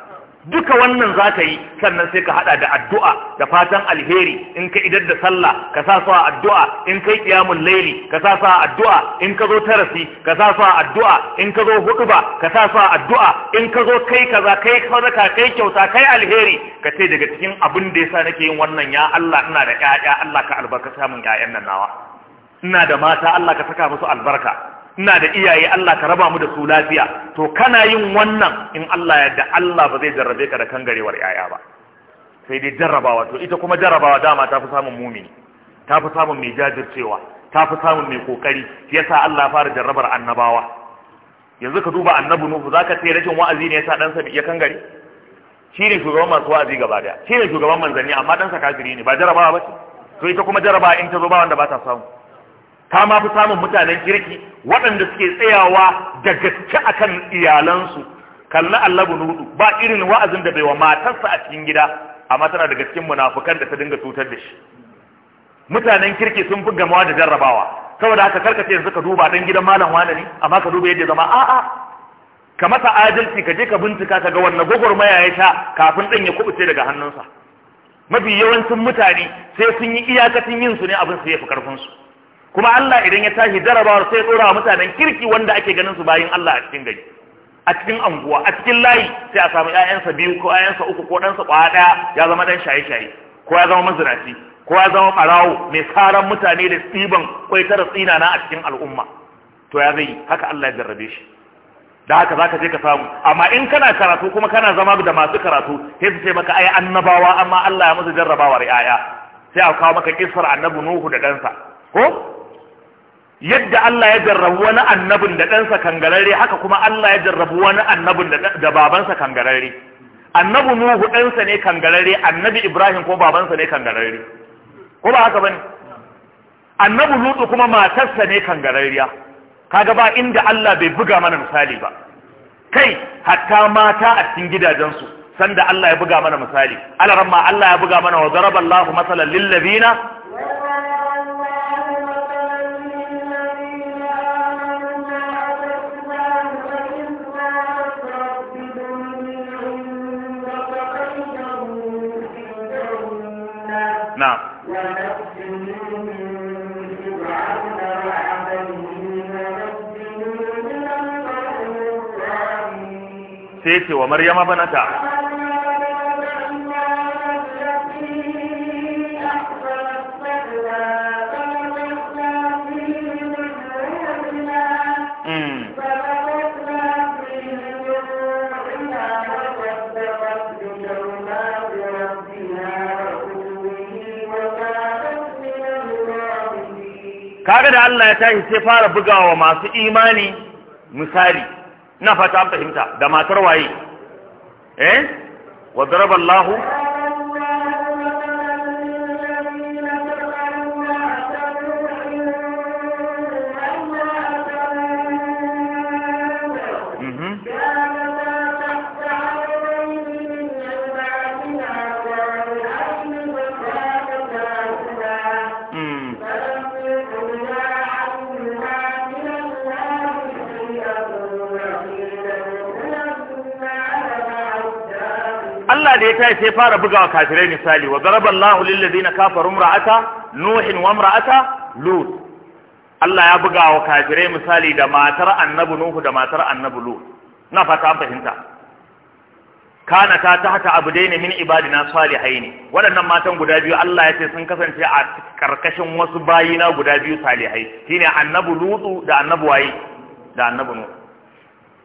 Speaker 1: duka wannan za ka yi sannan sai ka hada da addu'a da fatan alheri in ka idar da sallah ka sa sa addu'a in kai qiyamul laili ka sa sa addu'a in ka zo tarasi ka sa sa addu'a in ka zo hutuba ka sa sa addu'a in ka zo kai kaza kai sadaka kai kyauta kai alheri ka ce daga cikin abin da yasa nake yin wannan ya Allah ina da ƴaƴa Allah ka albarka samun ƴaƴan nan nawa ina da mata Allah ka saka musu albarka ina da iyaye Allah ka raba mu da su lafiya to kana yin wannan in Allah ya da Allah ba zai jarrabe ka da kangarewar yaya ba sai dai jarrabawa to ita kuma jarrabawa dama ta fi samun mumini ta fi samun mai jajircewa ta fi samun mai kokari yasa Allah fara jarrabar annabawa yanzu ka duba annabi nuhu zaka ce rashin wa'azi ne yasa dan sa ya kangare shi ne shugaban masu wa'azi gaba daya shi ne shugaban manzanni amma dan sa kafiri ne ba jarrabawa ba ce to ita kuma jarrabawa in ta zo ba wanda ba ta samu ta ma fi samun mutanen kirki waɗanda suke tsayawa da gaske akan iyalansu kalli Allah nudu ba irin wa'azin da bai wa matarsa a cikin gida amma tana daga cikin munafukan da ta dinga cutar da shi mutanen kirki sun fi gamawa da jarrabawa saboda haka karkace yanzu ka duba dan gidan malam wane ne amma ka duba yadda zama a'a ka masa adalci ka je ka bincika ka ga wanne gwagwarmaya ya sha kafin ɗan ya kubuce daga hannunsa mafi yawancin mutane sai sun yi iyakacin yin su ne abin su ya fi karfin su kuma Allah idan ya tashi jarabawar sai dora mutanen kirki wanda ake ganin su bayin Allah a cikin gari a cikin anguwa a cikin layi sai a samu ƴaƴansa biyu ko ƴaƴansa uku ko ɗansa ƙwaya ɗaya ya zama ɗan shaye-shaye ko ya zama mazinaci ko ya zama ɓarawo mai saran mutane da tsiban kwai tara na a cikin al'umma to ya zai haka Allah ya jarrabe shi da haka zaka je ka samu amma in kana karatu kuma kana zama da masu karatu sai su ce maka ai annabawa amma Allah ya musu jarrabawar 'ya'ya sai a kawo maka kisar annabi Nuhu da ɗansa ko yadda Allah ya jarrabu wani annabin da ɗansa kangararre haka kuma Allah ya jarrabu wani annabin da babansa kangararre annabi Nuhu ɗansa ne kangararre annabi Ibrahim ko babansa ne kangararre ko ba haka bane annabi Lutu kuma matarsa ne kangararriya kaga ba inda Allah bai buga mana misali ba kai hatta mata a cikin gidajensu sanda Allah ya buga mana misali alaramma Allah ya buga mana wa daraballahu masalan lil ladina sai ce wa maryama banata hmm. kaga da Allah ya tashi sai fara bugawa masu imani misali na fata an fahimta da matar waye eh wa daraballahu da ya tashi sai fara bugawa kafirai misali wa zaraba Allahu lil ladina kafaru imra'ata nuhin wa imra'ata lut Allah ya buga wa kafirai misali da matar annabi nuhu da matar annabi lut na fata an fahimta kana ta ta haka abu daina min ibadina salihaini waɗannan matan guda biyu Allah ya ce sun kasance a karkashin wasu bayina guda biyu salihai shine annabi lutu da annabi waye da annabi nuhu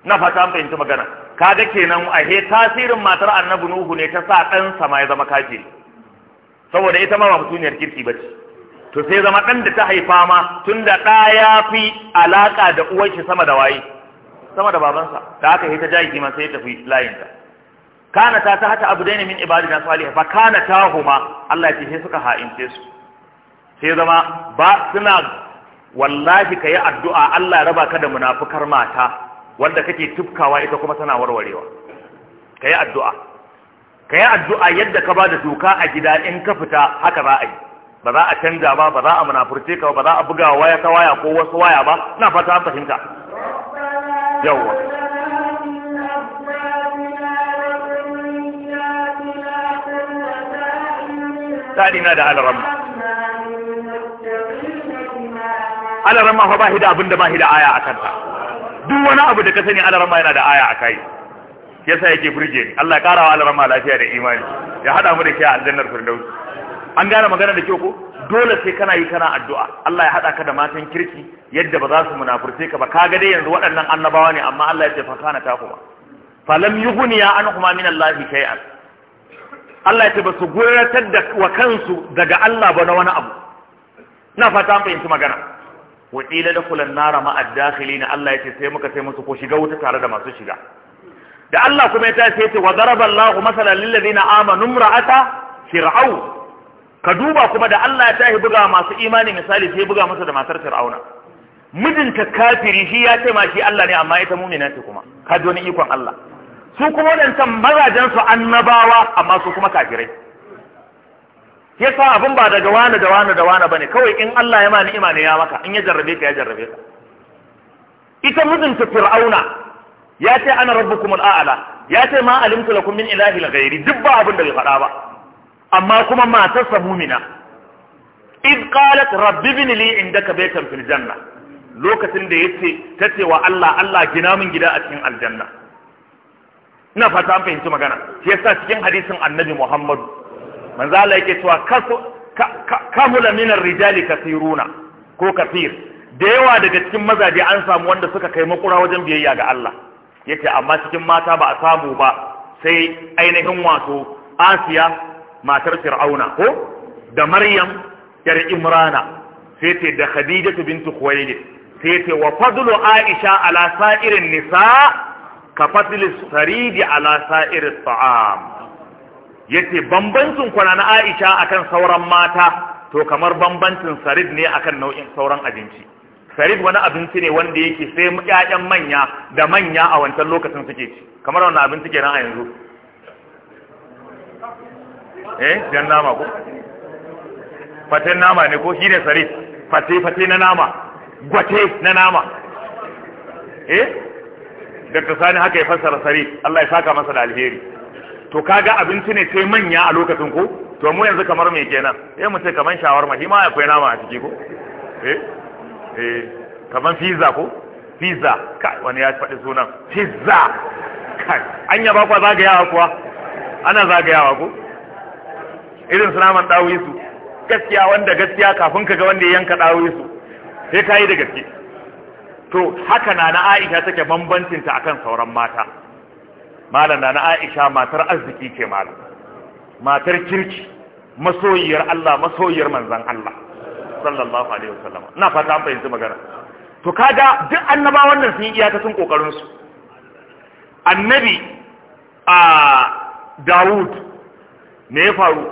Speaker 1: na fata an fahimta magana kaga kenan a he tasirin matar annabi nuhu ne ta sa dan sama ya zama kafiri saboda ita ma ba mutuniyar kirki bace to sai zama dan da ta haifa ma tunda ɗa ya fi alaka da uwar shi sama da waye sama da babansa da aka yi ta jahiki ma sai fi tafi layinta kana ta ta hata abu daina min ibadina salih fa kana ta huma Allah ya ce suka ha'ince su sai zama ba suna wallahi kayi addu'a Allah ya raba ka da munafukar mata wanda kake tufkawa ita kuma tana warwarewa ka yi addu'a ka yi addu'a yadda ka ba da doka a gida in ka fita haka za a yi ba za a canza ba ba za a munafurce ka ba za a buga waya ta waya ko wasu waya ba na fata an fahimta yawwa
Speaker 2: na da alaramma
Speaker 1: alaramma fa ba hida abinda ba hida aya a kanta duk wani abu da ka sani alarama yana da aya a kai yasa yake furge ni Allah ya ƙara wa alarama lafiya da imani ya hada mu da kai a aljannar firdaus an gane magana da kyau ko dole sai kana yi kana addu'a Allah ya hada ka da matan kirki yadda ba za su munafurce ka ba kaga dai yanzu waɗannan annabawa ne amma Allah ya ce fa kana ta kuma falam yughniya anhuma min Allah shay'an Allah ya ce ba su guratar da wa kansu daga Allah ba na wani abu na fata an fahimci magana wa da dakhulan nara ma ad-dakhilin Allah yace sai muka sai musu ko shiga wuta tare da masu shiga da Allah kuma ya tace yace wa daraba Allahu masalan lil ladina amanu imra'ata fir'aun ka duba kuma da Allah ya tahi buga masu imani misali sai buga masa da matar fir'auna mijinta kafiri shi ya ce shi Allah ne amma ita mu'mina ce kuma Kaji wani ikon Allah su kuma wadancan mazajen su annabawa amma su kuma kafirai yasa abin ba daga wani da wani da wani bane kawai in Allah ya ma ni'ima ne ya maka in ya jarrabe ka ya jarrabe ka ita mijinta fir'auna ya ce ana rabbukum al'ala ya ce ma alimtu lakum min ilahi ghairi duk ba abin da bai faɗa ba amma kuma matarsa mumina id qalat rabbi ibn li indaka baytan fil janna lokacin da yace tace wa Allah Allah gina min gida a cikin aljanna ina fata an fahimci magana shi yasa cikin hadisin annabi Muhammadu manzo Allah yake cewa kasu kamula minar rijali kathiruna ko kafir da yawa daga cikin mazaje an samu wanda suka kai makura wajen biyayya ga Allah yace amma cikin mata ba a samu ba sai ainihin wato Asiya matar Fir'auna ko da Maryam yar Imrana sai ce da Khadija bintu Khuwaylid sai ce wa fadlu Aisha ala sa'irin nisa ka fadli sarid ala sa'irin ta'am yace bambancin kwana na Aisha akan sauran mata to kamar bambancin sarid ne akan nau'in sauran abinci sarid wani abinci ne wanda yake sai ƴaƴan manya da manya a wancan lokacin suke ci kamar wannan abinci kenan a yanzu eh jan nama ko faten nama ne ko ne sarid fate fate na nama gwate na nama eh Dr. Sani haka ya fassara sarid Allah ya saka masa da alheri to kaga abinci ne sai manya a lokacin ko to mu yanzu kamar me kenan eh mu ce kaman shawar ma. hima akwai nama a ciki ko eh eh kaman pizza ko pizza kai wani ya faɗi sunan pizza kai an yaba kwa zagayawa kuwa ana zagayawa ko irin su naman dawoyi su gaskiya wanda gaskiya kafin ka ga wanda ya yanka dawoyi su sai ka yi da gaske to haka na na Aisha take bambancinta akan sauran mata malam na Aisha matar arziki ce malam matar kirki masoyiyar Allah masoyiyar manzon Allah sallallahu alaihi wasallam ina fata an fahimci magana to kaga duk annaba wannan sun yi sun kokarin su annabi a Dawud ne ya faru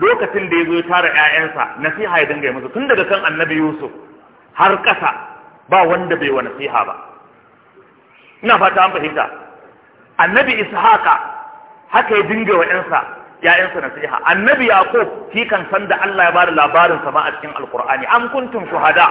Speaker 1: lokacin da ya zo ya tara ƴaƴansa, nasiha ya dinga yi musu tun daga kan annabi Yusuf har ƙasa ba wanda bai wa nasiha ba ina fata an fahimta annabi ishaqa haka ya dinga wa ƴansa ya'yansa nasiha annabi yaqub shi kan san da Allah ya bada labarin sama a cikin alqur'ani am kuntum shuhada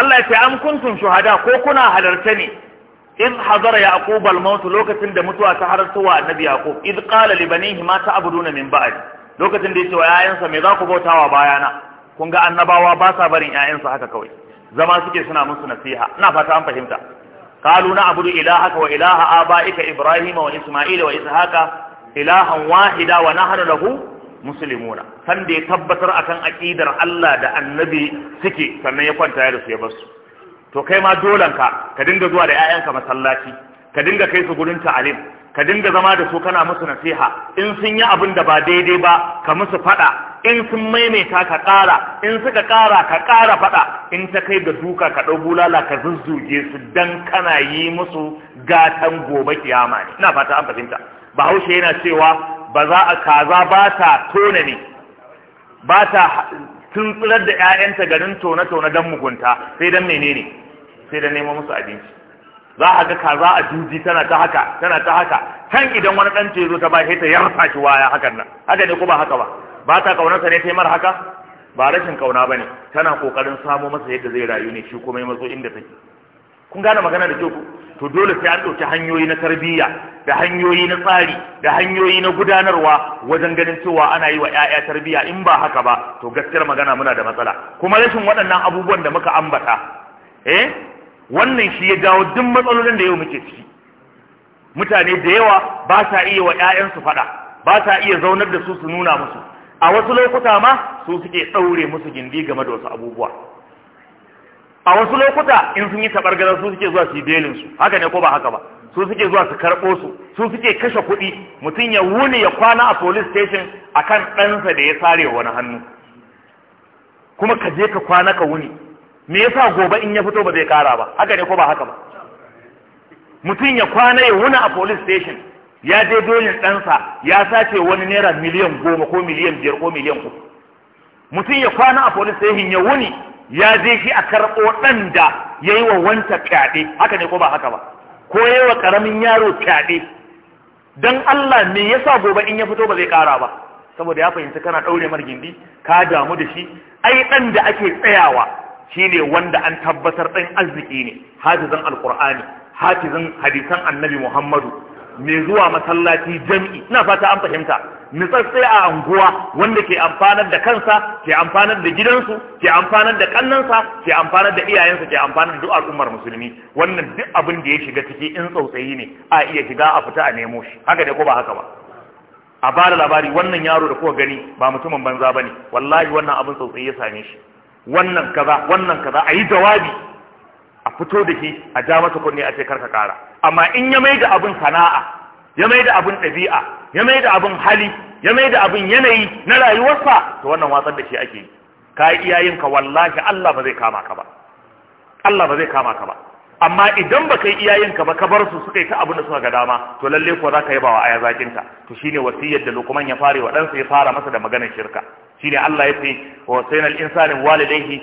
Speaker 1: Allah ya ce am kuntum shuhada ko kuna halarta ne in hazara ya al-maut lokacin da mutuwa ta halarta wa annabi yaqub id qala li banihi ma ta'buduna min ba'd lokacin da yace wa yayansa me za ku wa bayana kun ga annabawa ba sa barin yayansa haka kawai zama suke suna musu nasiha ina fata an fahimta qalu na'budu ilahaka wa ilaha abaika ibrahima wa isma'ila wa ishaqa ilahan wahida wa nahnu lahu Musulmuna, san da ya tabbatar akan aqidar Allah da annabi suke sannan ya kwanta ya su ya bar to kai ma dolanka ka ka dinga zuwa da ƴaƴanka masallaci ka dinga kai su gurin ta'alim ka dinga zama da su kana musu nasiha in sun yi abin da ba daidai ba ka musu fada in sun maimaita ka ƙara in suka ƙara ka kara fada in ta kai ga duka ka dau bulala ka zuzzuge su dan kana yi musu gatan gobe kiyama ne ina fata an fahimta bahaushe yana cewa ba za a kaza ba ta tona ne ba ta tuntsirar da 'ya'yanta garin tona-tona don mugunta sai don menene sai don neman musu abinci za a ga kaza a juji tana ta haka tana ta haka can idan wani ɗan ce zo ta ba ta yarfa shi waya hakan nan haka ne ko ba haka ba ba ta kaunarsa ne sai taimar haka ba rashin kauna bane tana kokarin samo masa yadda zai rayu ne shi kuma ya matso inda take kun gane magana da kyau to dole sai an ɗauki hanyoyi na tarbiyya da hanyoyi na tsari da hanyoyi na gudanarwa wajen ganin cewa ana yi wa 'ya'ya tarbiyya in ba haka ba to gaskiyar magana muna da matsala kuma rashin waɗannan abubuwan da muka ambata eh wannan shi ya dawo duk matsalolin da yau muke ciki mutane da yawa ba sa iya wa 'ya'yansu faɗa ba sa iya zaunar da su su nuna musu a wasu lokuta ma su suke ɗaure musu gindi game da wasu abubuwa a wasu lokuta in sun yi gada su suke zuwa su yi belin su haka ne ko ba haka ba su suke zuwa su karɓo su su suke kashe kuɗi mutum ya wuni ya kwana a police station kan ɗansa da ya sare wani hannu kuma ka je ka kwana ka wuni me yasa gobe in ya fito ba zai kara ba haka ne ko ba haka ba mutum ya kwana ya wuna a police station ya je dolin ɗansa ya sace wani naira miliyan goma ko miliyan biyar ko miliyan uku mutum ya kwana a police station ya wuni ya je shi a karɓo ɗan da ya yi wa wanta fyaɗe haka ne ko ba haka ba ko ya yi wa ƙaramin yaro fyaɗe don Allah me sa gobe in ya fito ba zai ƙara ba saboda ya fahimci kana ɗaure mar gindi ka damu da shi ai ɗan da ake tsayawa shine wanda an tabbatar ɗan arziki ne hafizan alƙur'ani hafizan hadisan annabi muhammadu mai zuwa masallaci jam'i ina fata an fahimta nitsatsai a anguwa wanda ke amfanar da kansa ke amfanar da gidansu ke amfanar da kannansa ke amfanar da iyayensa ke amfanar da al'ummar musulmi wannan duk abin da ya shiga ciki in tsautsayi ne a iya shiga a fita a nemo shi haka da ko ba haka ba a bada labari wannan yaro da kuka gani ba mutumin banza ba ne wallahi wannan abin tsautsayi ya same shi wannan kaza wannan kaza a yi jawabi a fito da shi a ja masa kunne a ce kar ka kara amma in ya mai da abin sana'a ya mai da abin ɗabi'a ya mai da abin hali ya mai da abin yanayi na rayuwarsa to wannan watsar da shi ake yi ka yi iyayenka wallahi Allah ba zai kama ka ba Allah ba zai kama ka ba amma idan ba kai iyayenka ba ka bar su suka yi ta abin da suka ga dama to lalle ko ka yi wa aya zakinta to shine wasiyar da Luqman ya fare wa ɗansa ya fara masa da maganar shirka shine Allah ya fi, wa sayna al-insani walidayhi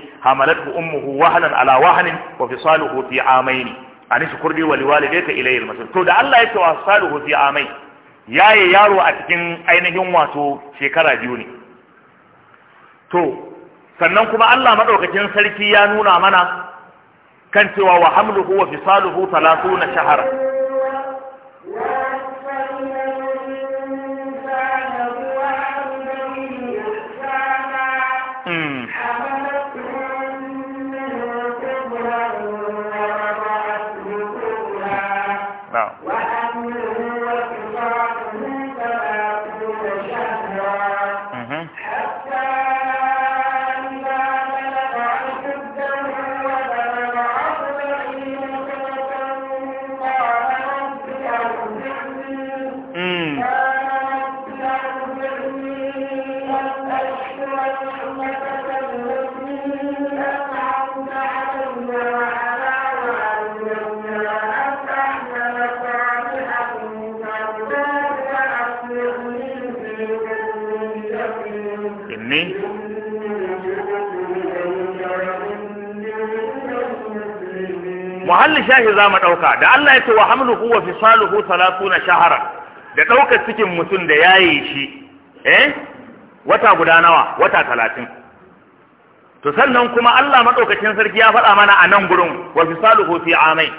Speaker 1: ummuhu wahanan ala wahanin wa fisaluhu fi amaini an shukurli wa liwalidayka ilayil masul to da Allah yake wa saluhu fi amai yaye yaro a cikin ainihin wato shekara biyu ne to sannan kuma Allah madaukakin sarki ya nuna mana kan cewa wa hamluhu wa fisaluhu 30 shahara
Speaker 2: muhalli shahi
Speaker 1: za mu ɗauka da Allah ya ce wa hamluhu wa fisaluhu na shahara da ɗaukar cikin mutum da ya yi shi eh wata guda nawa wata talatin to sannan kuma Allah maɗaukacin sarki ya faɗa mana a nan gurin wa fisaluhu fi amai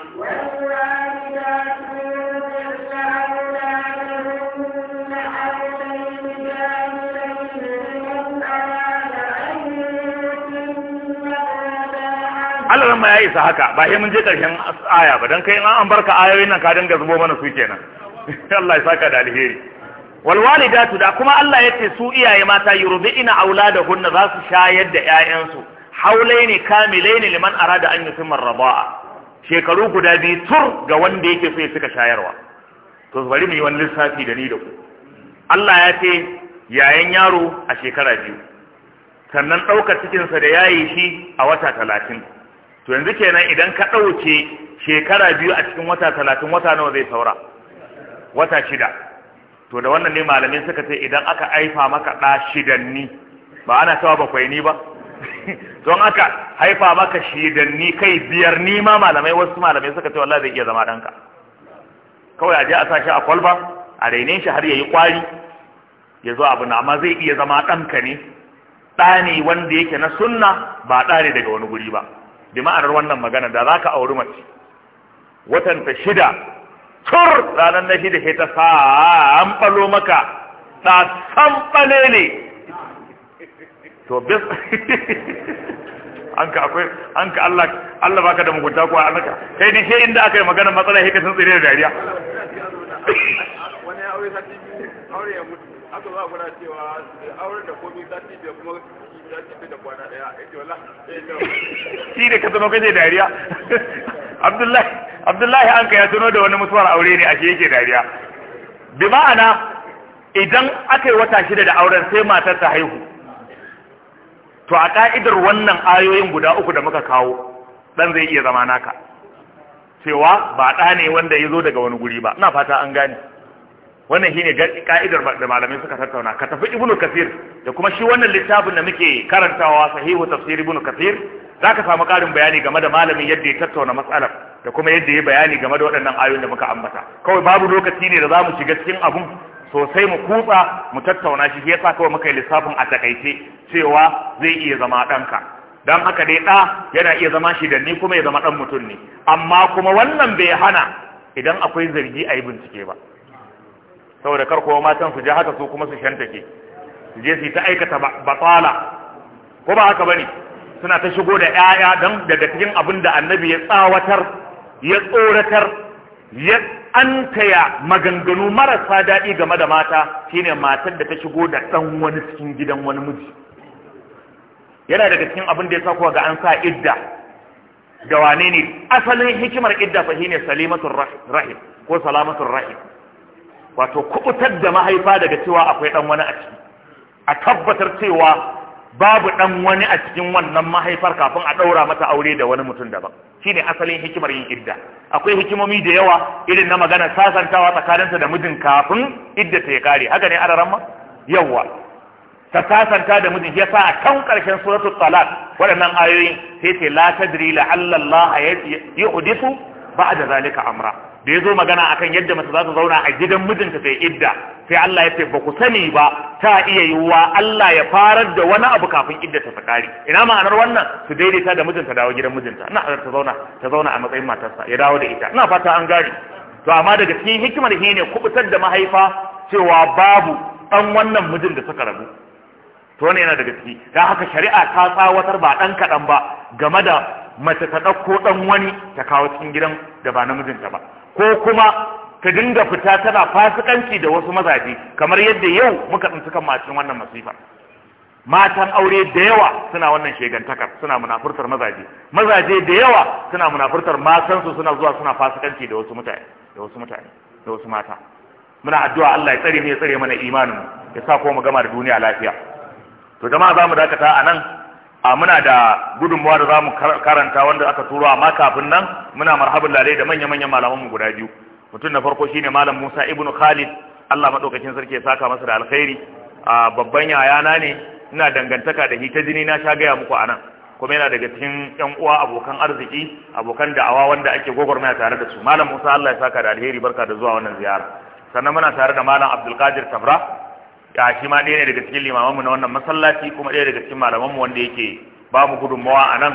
Speaker 1: Allah ma ya isa haka ba sai mun je karshen aya ba dan kai an barka ayoyin nan ka dinga zubo mana su kenan (laughs) Allah ya saka da alheri wal walidatu da kuma Allah yace su iyaye mata yurbiina auladahunna za su shayar da ƴaƴansu haulaini kamilaini liman arada an yusimma ar shekaru guda biyu tur ga wanda yake so ya suka shayarwa to bari mu yi wani lissafi da ni da ku Allah ya ce yayan yaro a shekara biyu sannan ɗaukar cikinsa da yayi shi a wata talatin to yanzu kenan idan ka ɗauke shekara biyu a cikin wata talatin wata nawa zai saura wata shida to da wannan ne malamai suka ce idan aka haifa maka ɗa shidanni ba ana cewa bakwai ni ba (laughs) don aka haifa maka shidanni kai biyar ni ma malamai wasu malamai suka ce wallahi zai iya zama ɗanka kawai a je a sa shi a kwalba a raine shi har ya yi kwari ya zo abu na amma zai iya zama ɗanka ne ɗa ne wanda yake na sunna ba ɗa ne daga wani guri ba bi ma'anar wannan magana da zaka auri mace watan ta shida tur ranar na shida sai ta an balo maka ta san bale ne to bis (laughs) an ka akwai an ka Allah Allah baka da mugunta ko an ka kai ne sai inda aka yi magana matsala sai ka san tsire da dariya wani aure sai aure ya mutu aka za ku na cewa aure da komai sai biyar kuma shine da ka zama kaje dariya abdullahi abdullahi an ya tuno da wani mutuwar aure ne ake yake dariya bi ma'ana idan aka yi wata shida da auren sai matar ta haihu to a ka'idar wannan ayoyin guda uku da muka kawo dan zai iya zama naka cewa ba ɗa ne wanda ya zo daga wani guri ba ina fata an gane wannan shine ka'idar da malamai suka tattauna ka tafi ibnu kasir da kuma shi wannan littafin da muke karantawa sahihu tafsir ibnu kasir zaka samu karin bayani game da malamin yadda ya tattauna matsalar da kuma yadda ya bayani game da waɗannan ayoyin da muka ambata kawai babu lokaci ne da za mu shiga cikin abun sosai mu kutsa mu tattauna shi yasa kawai muka yi lissafin a takaice cewa zai iya zama ɗanka don haka dai ɗa yana iya zama shi da ni kuma ya zama ɗan mutum ne amma kuma wannan bai hana idan akwai zargi a yi bincike ba saboda kar kowa matan su je haka su kuma su shantake su je su ta aikata batsala ko ba haka bane suna ta shigo da 'ya'ya dan daga cikin abin da annabi ya tsawatar ya tsoratar ya antaya maganganu marasa daɗi game da mata shine matar da ta shigo da ɗan wani cikin gidan wani miji yana daga cikin abin da ya sa kuwa ga an sa idda da wane ne asalin hikimar idda fa shine salimatul rahim ko salamatul rahim wato kubutar da mahaifa daga cewa akwai dan wani a ciki a tabbatar cewa babu dan wani a cikin wannan mahaifar kafin a daura mata aure da wani mutum daban shine asalin hikimar yin idda akwai hikimomi da yawa irin na magana sasantawa tsakaninsa da mijin kafin idda ta ya kare haka ne araran ma yawa ta sasanta da mijin ya sa a kan karshen suratul talaq waɗannan ayoyin sai ce la tadri la'alla Allah yuhdithu ba'da zalika amra da ya zo magana akan yadda mace za ta zauna a gidan mijinta sai idda sai Allah ya ce ba ku sani ba ta iya yiwuwa Allah ya farar da wani abu kafin idda ta sakari ina ma'anar wannan su daidaita da mijinta dawo gidan mijinta ina ta zauna ta zauna a matsayin matarsa ya dawo da ita ina fata an gari to amma daga cikin hikimar shi ne kubutar da mahaifa cewa babu ɗan wannan mijin da suka rabu to wannan yana daga ciki dan haka shari'a ta tsawatar ba dan kadan ba game da mace ta ɗauko ɗan wani ta kawo cikin gidan da ba namijinta ba ko kuma ka dinga fita tana fasikanci da wasu mazaje kamar yadda yau muka tsinci kan macin wannan masifa matan aure da yawa suna wannan shegantakar suna munafurtar mazaje mazaje da yawa suna munafurtar matansu suna zuwa suna fasikanci da wasu mutane da wasu mutane da wasu mata muna addu'a Allah ya tsare mu ya tsare mana imanin ya sa ko mu gama da duniya lafiya to jama'a za mu dakata a nan a muna da gudunmuwa da za mu karanta wanda aka turo amma kafin nan muna marhaban lalai da manya-manyan malamanmu guda biyu mutum na farko shine malam musa ibnu khalid allah maɗaukacin sarki ya saka masa da alkhairi a babban yayana ne ina dangantaka da hita jini na sha gaya muku a nan kuma yana daga cikin yan uwa abokan arziki abokan da'awa wanda ake gwagwarmaya tare da su malam musa allah ya saka da alheri barka da zuwa wannan ziyara sannan muna tare da malam abdulkadir tabra ga shi ma ɗaya ne daga cikin limamanmu na wannan masallaci kuma ɗaya daga cikin malamanmu wanda yake ba mu gudunmawa a nan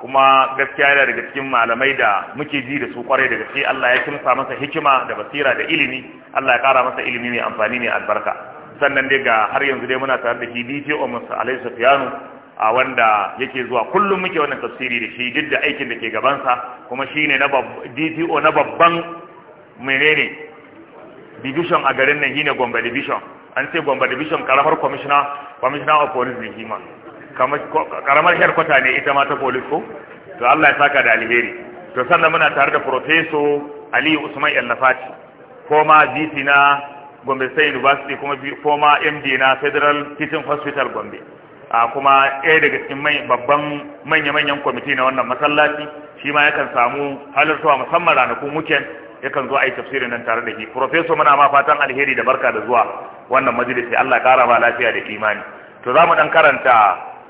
Speaker 1: kuma gaskiya yana daga cikin malamai da muke ji da su kwarai da gaske Allah ya kimsa masa hikima da basira da ilimi Allah ya kara masa ilimi mai amfani mai albarka sannan dai ga har yanzu dai muna tare da shi DJ Omar Alai Sufyanu a wanda yake zuwa kullum muke wannan tafsiri da shi duk da aikin da ke gabansa kuma shine na DTO na babban menene division a garin nan shine Gombe division an ce Gombe division karamar commissioner commissioner of police ne shi ma karamar headquarter ne ita ma ta police ko to Allah ya saka da alheri to sannan muna tare da professor Ali Usman Nafati former VC na Gombe State University kuma former MD na Federal Teaching Hospital Gombe a kuma ɗaya daga cikin babban manya-manyan kwamiti na wannan masallaci shi ma yakan samu halartawa musamman ranakun weekend yakan zo a yi tafsirin nan tare da shi professor muna ma fatan alheri da barka da zuwa wannan majalisi Allah kara ma lafiya da imani to zamu dan karanta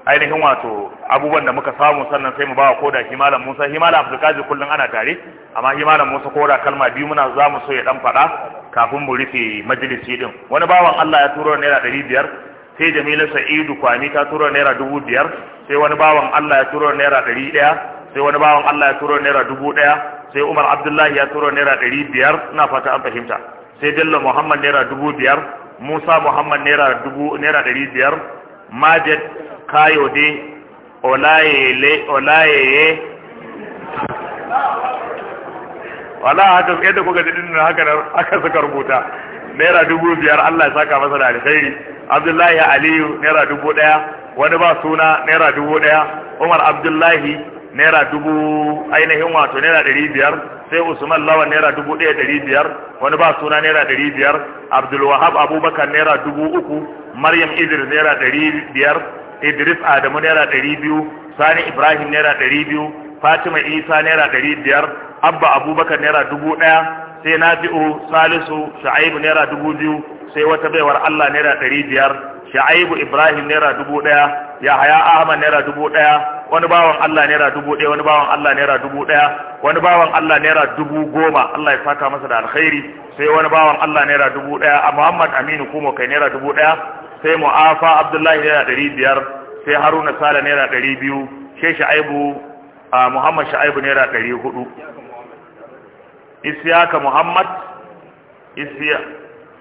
Speaker 1: ainihin wato abubuwan da muka samu sannan sai mu bawa koda shi malam Musa shi malam Abdulkadir kullun ana tare amma shi malam Musa koda kalma biyu muna zamu mu so ya dan fada kafin mu rufe majalisi din wani bawan Allah ya turo naira ɗari biyar sai Jamila Sa'idu Kwami ta turo naira dubu biyar sai wani bawan Allah ya turo naira dari daya sai wani bawan Allah ya turo naira dubu daya. sai Umar Abdullahi ya turo naira ɗari biyar na fata an fahimta sai Bello Muhammad naira dubu biyar Musa Muhammad naira dubu naira ɗari biyar Majid Kayode Olayele Olayeye wala haka sai da kuka jidin nan haka aka suka rubuta naira dubu biyar Allah ya saka masa da alkhairi Abdullahi Aliyu naira dubu ɗaya wani ba suna naira dubu ɗaya Umar Abdullahi naira dubu ainihin wato naira ɗari biyar sai usman lawan naira dubu ɗaya ɗari biyar wani ba suna naira ɗari biyar abdulwahab abubakar naira dubu uku maryam idris naira ɗari biyar idris adamu naira ɗari biyu sani ibrahim naira ɗari biyu fatima isa naira ɗari biyar abba abubakar naira dubu ɗaya sai nafi'u salisu sha'aibu naira dubu biyu sai wata baiwar allah naira ɗari biyar sha'aibu ibrahim naira dubu ɗaya yahaya ahmad naira dubu ɗaya wani bawan Allah naira dubu ɗaya wani bawan Allah naira dubu ɗaya wani bawan Allah naira dubu goma Allah ya saka masa da alkhairi sai wani bawan Allah naira dubu ɗaya a Muhammad Aminu Kumo kai naira dubu ɗaya sai Mu'afa Abdullahi naira ɗari biyar sai Haruna Sale naira ɗari biyu sai Shaibu Muhammad Shaibu naira ɗari hudu Isiyaka Muhammad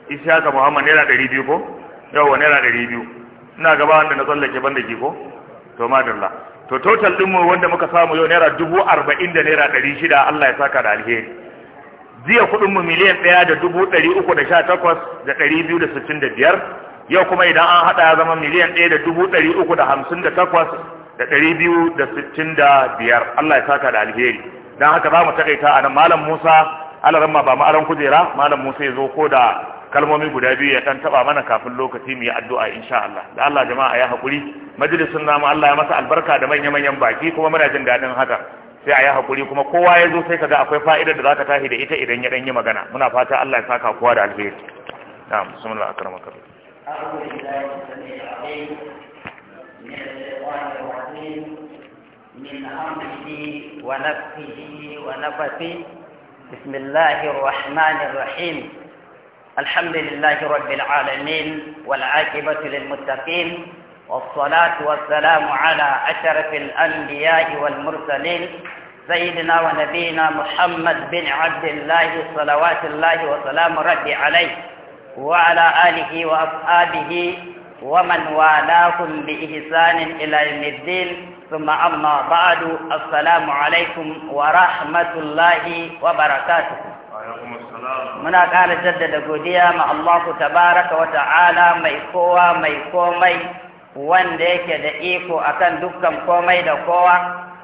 Speaker 1: Isiyaka Muhammad naira ɗari biyu ko? Yawwa naira ɗari biyu. Ina gaba wanda na tsallake ban da ke ko? To madalla. to total din mu wanda muka samu yau naira dubu arba'in da naira ɗari shida Allah ya saka da alheri jiya kuɗin mu miliyan ɗaya da dubu ɗari uku da sha takwas da ɗari biyu da sittin da biyar yau kuma idan an haɗa ya zama miliyan ɗaya da dubu ɗari uku da hamsin da takwas da ɗari biyu da sittin da biyar Allah ya saka da alheri don haka za mu taƙaita a nan malam musa alaramma ba ma'aran kujera malam musa ya zo ko da kalmomi guda biyu ya dan taba mana kafin lokaci mu yi addu'a insha Allah da Allah jama'a ya hakuri majalisin namu Allah ya masa albarka da manya manyan baki kuma muna jin dadin haka sai a yi hakuri kuma kowa ya zo sai kaga akwai fa'idar da zaka tahi da ita idan ya dan yi magana muna fata Allah ya saka kowa da alheri na'am bismillah akramaka
Speaker 2: أعوذ بالله السميع العليم
Speaker 3: من الشيطان الرجيم من أمره ونفسه ونفسه بسم الله الرحمن الرحيم الحمد لله رب العالمين والعاقبة للمتقين والصلاة والسلام على أشرف الأنبياء والمرسلين سيدنا ونبينا محمد بن عبد الله صلوات الله وسلام ربي عليه وعلى آله وأصحابه ومن والاهم بإحسان إلى يوم الدين ثم أما بعد السلام عليكم ورحمة الله وبركاته muna ƙara jaddada godiya ma Allahu tabaraka wa ta'ala mai kowa mai komai wanda yake da iko akan dukkan komai da kowa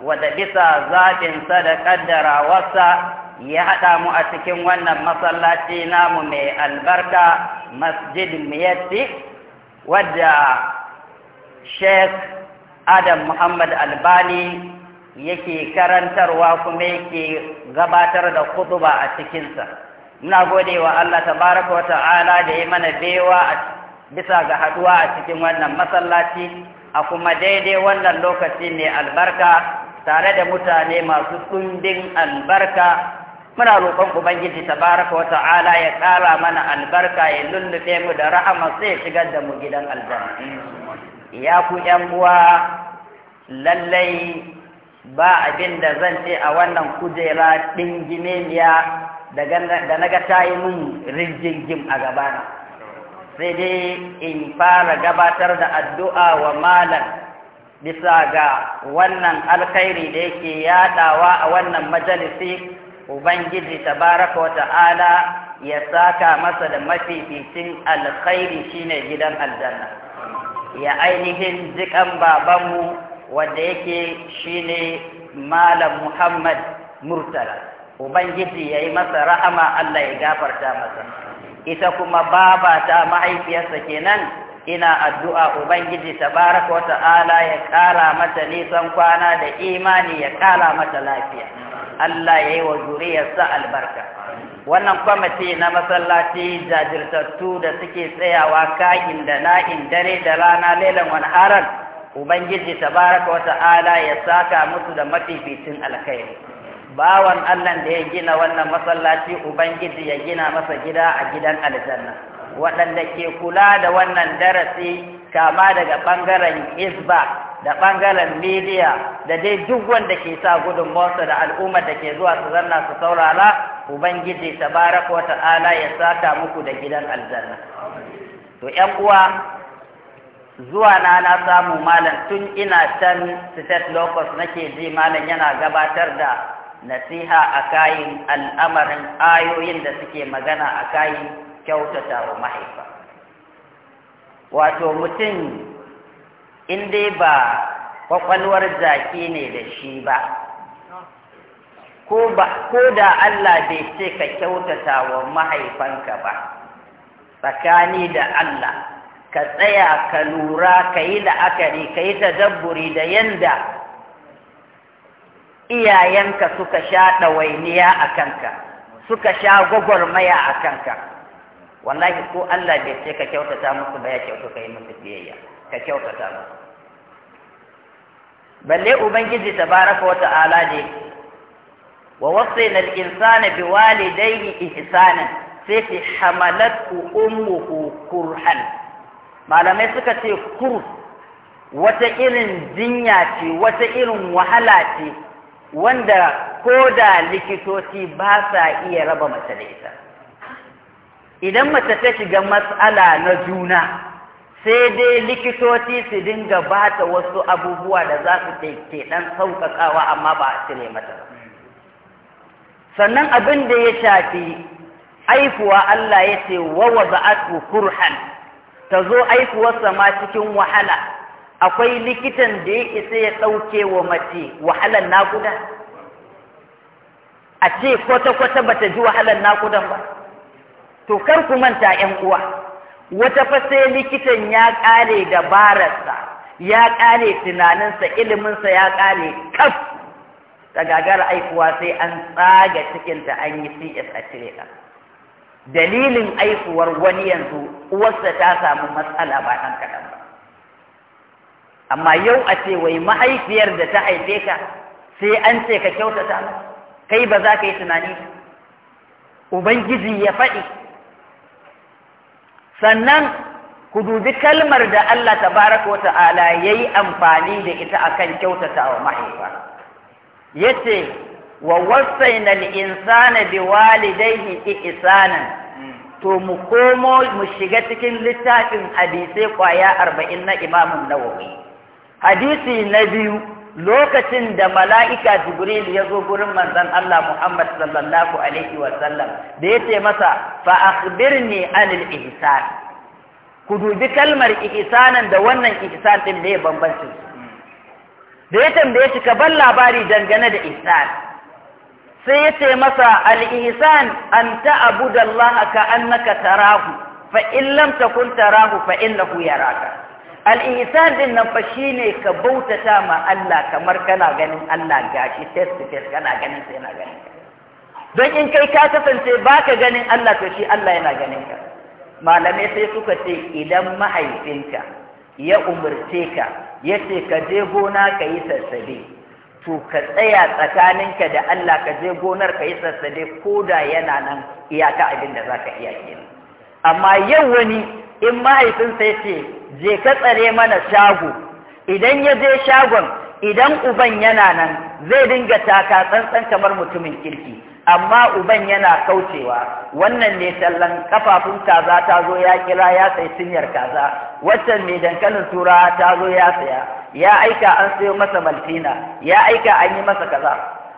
Speaker 3: wanda bisa zaɓinsa da ƙaddarawarsa ya haɗa mu a cikin wannan masallaci namu mai albarka masjid miyatti wadda sheikh adam muhammad albani yake karantarwa kuma yake gabatar da kutuba a cikinsa muna gode wa Allah tabaraka wa ta'ala da ya mana baiwa bisa ga haduwa a cikin wannan masallaci a kuma daidai wannan lokaci ne albarka tare da mutane masu tsundin albarka muna roƙon ubangiji tabaraka wa ta'ala ya ƙara mana albarka ya lullufe mu da rahama sai ya shigar da mu gidan aljanna ya ku ƴan lallai ba abin da zan ce a wannan kujera ɗin ɗingimemiya da na ga ta yi mun rinjin a gaba sai dai in fara gabatar da addu'a wa malam bisa ga wannan alkhairi da yake yaɗawa a wannan majalisi ubangiji tabaraka wa ta'ala ya saka masa da mafificin alkhairi shine gidan aljanna ya ainihin jikan babanmu wanda yake shine malam muhammad murtala ubangiji ya yi masa rahama Allah ya gafarta masa ita kuma baba ta mahaifiyarsa kenan ina addu'a ubangiji ta Barako ta'ala ya ƙara mata nisan kwana da imani ya ƙara mata lafiya Allah ya yi wa zuriyarsa albarka wannan kwamiti na masallaci jajirtattu da suke tsayawa kakin da na'in dare da rana lailan wani harar ubangiji ta baraka ta'ala ya saka musu da mafi mafificin alkhairi bawan Allah da ya gina wannan masallaci ubangiji ya gina masa gida a gidan aljanna waɗanda ke kula da wannan darasi kama daga ɓangaren isba da ɓangaren media da dai duk wanda ke sa gudun motsa da al'ummar da ke zuwa su zanna su saurara ubangiji tabaraka wa ta'ala ya saka muku da gidan aljanna to ƴan uwa zuwa na na samu malam tun ina can state locus nake ji malam yana gabatar da nasiha a kayin al'amarin ayoyin da suke magana a kayin kyautata wa mahaifa wato mutum in ba kwakwalwar zaki ne da shi ba ko da Allah bai ce ka kyautata wa mahaifanka ba tsakani da Allah ka tsaya ka lura ka yi la'akari ka yi ta da yanda iyayenka suka sha ɗawainiya a kanka suka sha gwagwarmaya a kanka wallahi ko Allah bai ce ka kyautata musu ba ya kyautu ka yi musu biyayya ka kyautata musu balle ubangiji tabaraka wa ta'ala ne wa wasaina al-insana biwalidayhi ihsanan sai fi hamalatku ummuhu kurhan malamai suka ce kur wata irin jinya ce wata irin wahala ce wanda ko da likitoci ba sa iya raba mace da ita idan mace ta shiga matsala na juna sai dai likitoci su dinga ba ta wasu abubuwa da za su ke ɗan sauƙaƙawa amma ba a cire mata sannan abin da ya shafi aifuwa Allah ya ce wa a kurhan ta zo aifuwarsa ma cikin wahala akwai likitan da ya isa ya ɗauke wa mace wahalar nakuda a ce kwata-kwata ba ta ji wahalar nakudan ba to kar ku manta ‘yan uwa wata fa sai likitan ya ƙare dabararsa ya ƙare tunaninsa iliminsa ya ƙare kaf ta gagar aikuwa sai an tsaga cikinta an yi cs a cire ta dalilin aikuwar wani yanzu uwarsa ta samu matsala ba ɗan kaɗan ba amma yau a ce wai mahaifiyar da ta haife ka sai an ce ka kyautata kai ba za ka yi tunani ubangiji ya faɗi sannan ku dubi kalmar da Allah tabaraka wa ta'ala yi amfani da ita akan kyautata wa mahaifa yace wa wasaina al bi walidaihi ihsanan to mu komo mu shiga cikin littafin hadisai kwaya arba'in na imamun nawawi hadisi na biyu lokacin da mala'ika jibril ya zo gurin manzon Allah Muhammad sallallahu alaihi wa sallam da ya ce masa fa ne anil ihsan ku dubi kalmar ihsanan da wannan ihsan din ne bambancin da ya tambaye shi ka ban labari dangane da ihsan sai ya ce masa an ihsan an ta'budallaha ka annaka tarahu fa in lam kun tarahu fa ya raka. al'isan din nan fa shi ne ka bautata ma Allah kamar kana ganin Allah gashi test test kana ganin sai yana ganin ka don in kai ka kasance ba ka ganin Allah to shi Allah yana ganin ka malamai sai suka ce idan mahaifinka ya umarce ka ya ce ka je gona ka yi sassabe to ka tsaya tsakaninka da Allah ka je gonar ka yi sassabe ko da yana nan iyaka abin da za ka iya kenan amma yau wani in mahaifinsa ya ce je ka tsare mana shago idan ya je shagon idan uban yana nan zai dinga taka tsantsan kamar mutumin kirki amma uban yana kaucewa wannan ne tallan kafafun kaza ta zo ya kira ya sai sinyar kaza waccan ne dankalin turawa ta zo ya saya ya aika an sayo masa maltina ya aika an yi masa kaza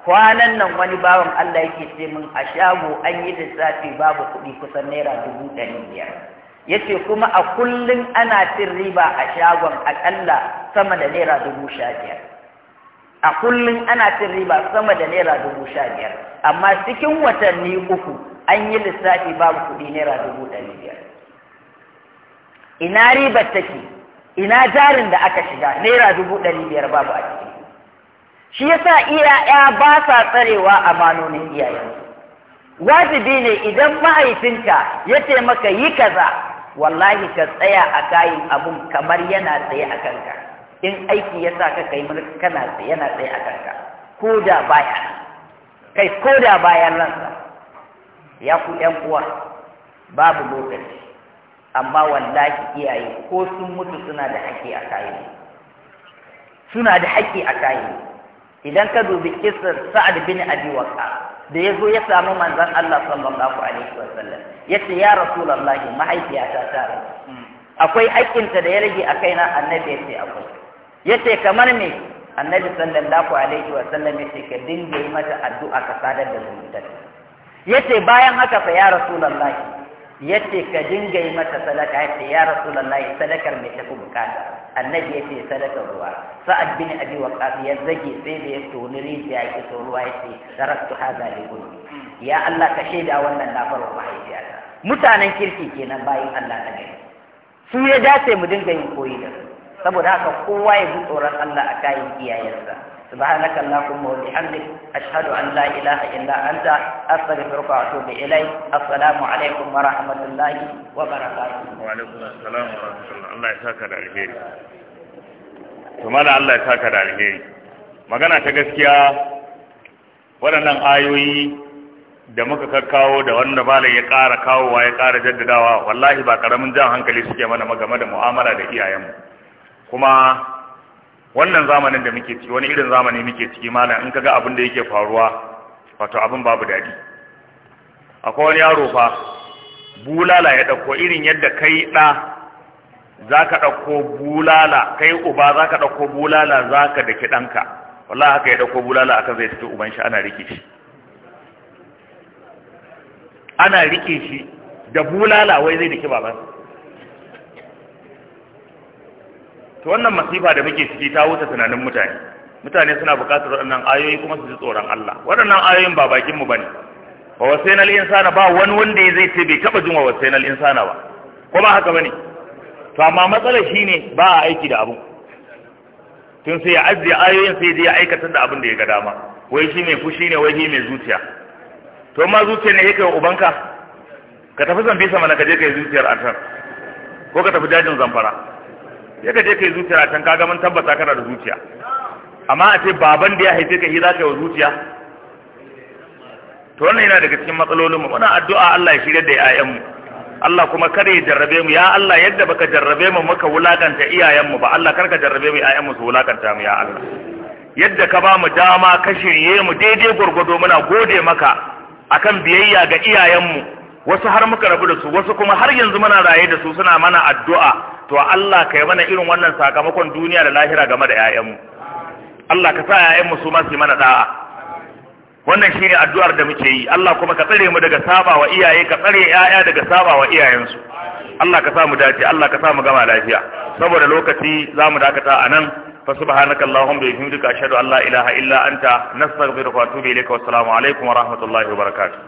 Speaker 3: kwanan nan wani bawan Allah yake ce min a shago an yi lissafi babu kuɗi kusan naira dubu ɗari biyar yace kuma a kullum ana cin riba a shagon akalla sama da naira dubu sha biyar a kullum ana cin riba sama da naira dubu sha biyar amma cikin watanni uku an yi lissafi babu kuɗi naira dubu ɗari biyar ina ribar take ina jarin da aka shiga naira dubu ɗari biyar babu a ciki shi yasa iyaye ba sa tsarewa a manonin iyayensu wajibi ne idan mahaifinka ya ce maka yi kaza wallahi ka tsaya a kayan abun kamar yana tsaye a kanka in aiki ya sa ka kai mulki kana tsaye yana tsaye a kanka ko da baya kai ko da bayan ransa ya ku ƴan uwa babu lokaci amma wallahi iyaye ko sun mutu suna da haƙƙi a kayan suna da haƙƙi a kayan idan ka dubi kisar sa'ad bin abi waqa da ya zo ya samu manzon Allah sallallahu alaihi sallam. ya ce ya rasulullah mahaifiyata ta rasu akwai aikinta da ya rage a kaina annabi ya ce akwai ya ce kamar me annabi sallallahu alaihi sallam ya ce ka dinga yi mata addu'a ka sadar da zumunta ya ce bayan haka fa ya rasulullah yace ka dinga yi mata sadaka yace ya rasulullahi sadakar mai tafi bukata annabi yace sadaka ruwa sa'ad bin abi waqas ya zage sai da ya toni rijiya ya to ruwa yace daraktu hada li ya Allah ka shaida wannan na farko mahaifiyata mutanen kirki kenan bayan Allah ta gani su ya dace mu dinga yin koyi da su saboda haka kowa ya bi tsoron Allah a kayan iyayensa سبحانك اللهم وبحمدك أشهد أن لا إله إلا أنت أستغفرك وأتوب إليك السلام عليكم ورحمة الله وبركاته وعليكم السلام ورحمة الله الله يساك الخير
Speaker 1: to mana Allah ya saka da alheri magana ta gaskiya waɗannan ayoyi da muka kakkawo da wanda malam ya ƙara kawowa ya ƙara jaddadawa wallahi ba ƙaramin jan hankali suke mana game da mu'amala da iyayenmu kuma wannan zamanin da muke ciki wani irin zamani muke ciki malam in kaga abin da yake faruwa wato abin babu dadi akwai wani yaro fa bulala ya dauko irin yadda kai da zaka dauko bulala kai uba zaka dauko bulala zaka da danka wallahi haka ya dauko bulala aka zai tafi uban shi ana rike shi ana rike shi da bulala wai zai dake babansa to wannan masifa da muke ciki ta wuce tunanin mutane mutane suna buƙatar waɗannan ayoyi kuma su ji tsoron Allah waɗannan ayoyin ba bakin mu bane wa wasainal insana ba wani wanda zai ce bai taba jin wa wasainal insana ba ko ba haka bane to amma matsalar shine ba a aiki da abu tun sai ya ajiye ayoyin sai ya aikatar da abin da ya ga dama wai shi mai fushi ne wai shi mai zuciya to ma zuciya ne yake ubanka ka tafi zambi sama na kaje kai zuciyar antar ko ka tafi dajin zamfara sai ka je kai zuciya can ka mun tabbata kana da zuciya amma a ce baban da ya haife ka shi za ka yi wa zuciya to wannan yana daga cikin matsalolin mu muna addu'a Allah ya shirya da ƴaƴan mu Allah kuma kada ya jarrabe mu ya Allah yadda baka jarrabe mu muka wulakanta iyayen mu ba Allah kar ka jarrabe mu ƴaƴan mu su wulakanta mu ya Allah yadda ka ba mu dama ka shirye mu daidai gurgudo muna gode maka akan biyayya ga iyayen mu wasu har muka rabu da su wasu kuma har yanzu muna raye da su suna mana addu'a to Allah ka yi mana irin wannan sakamakon duniya da lahira game da 'ya'yanmu. Allah ka sa 'ya'yanmu su ma mana da'a wannan shi ne addu'ar da muke yi Allah kuma ka tsare mu daga saba wa iyaye ka tsare 'ya'ya daga saba wa iyayensu Allah ka sa mu dace Allah ka sa mu gama lafiya saboda lokaci za mu dakata a nan fa subhanaka allahumma bihamdika ashhadu an la ilaha illa anta nastaghfiruka wa atubu ilayka wa assalamu alaikum wa rahmatullahi wa barakatuh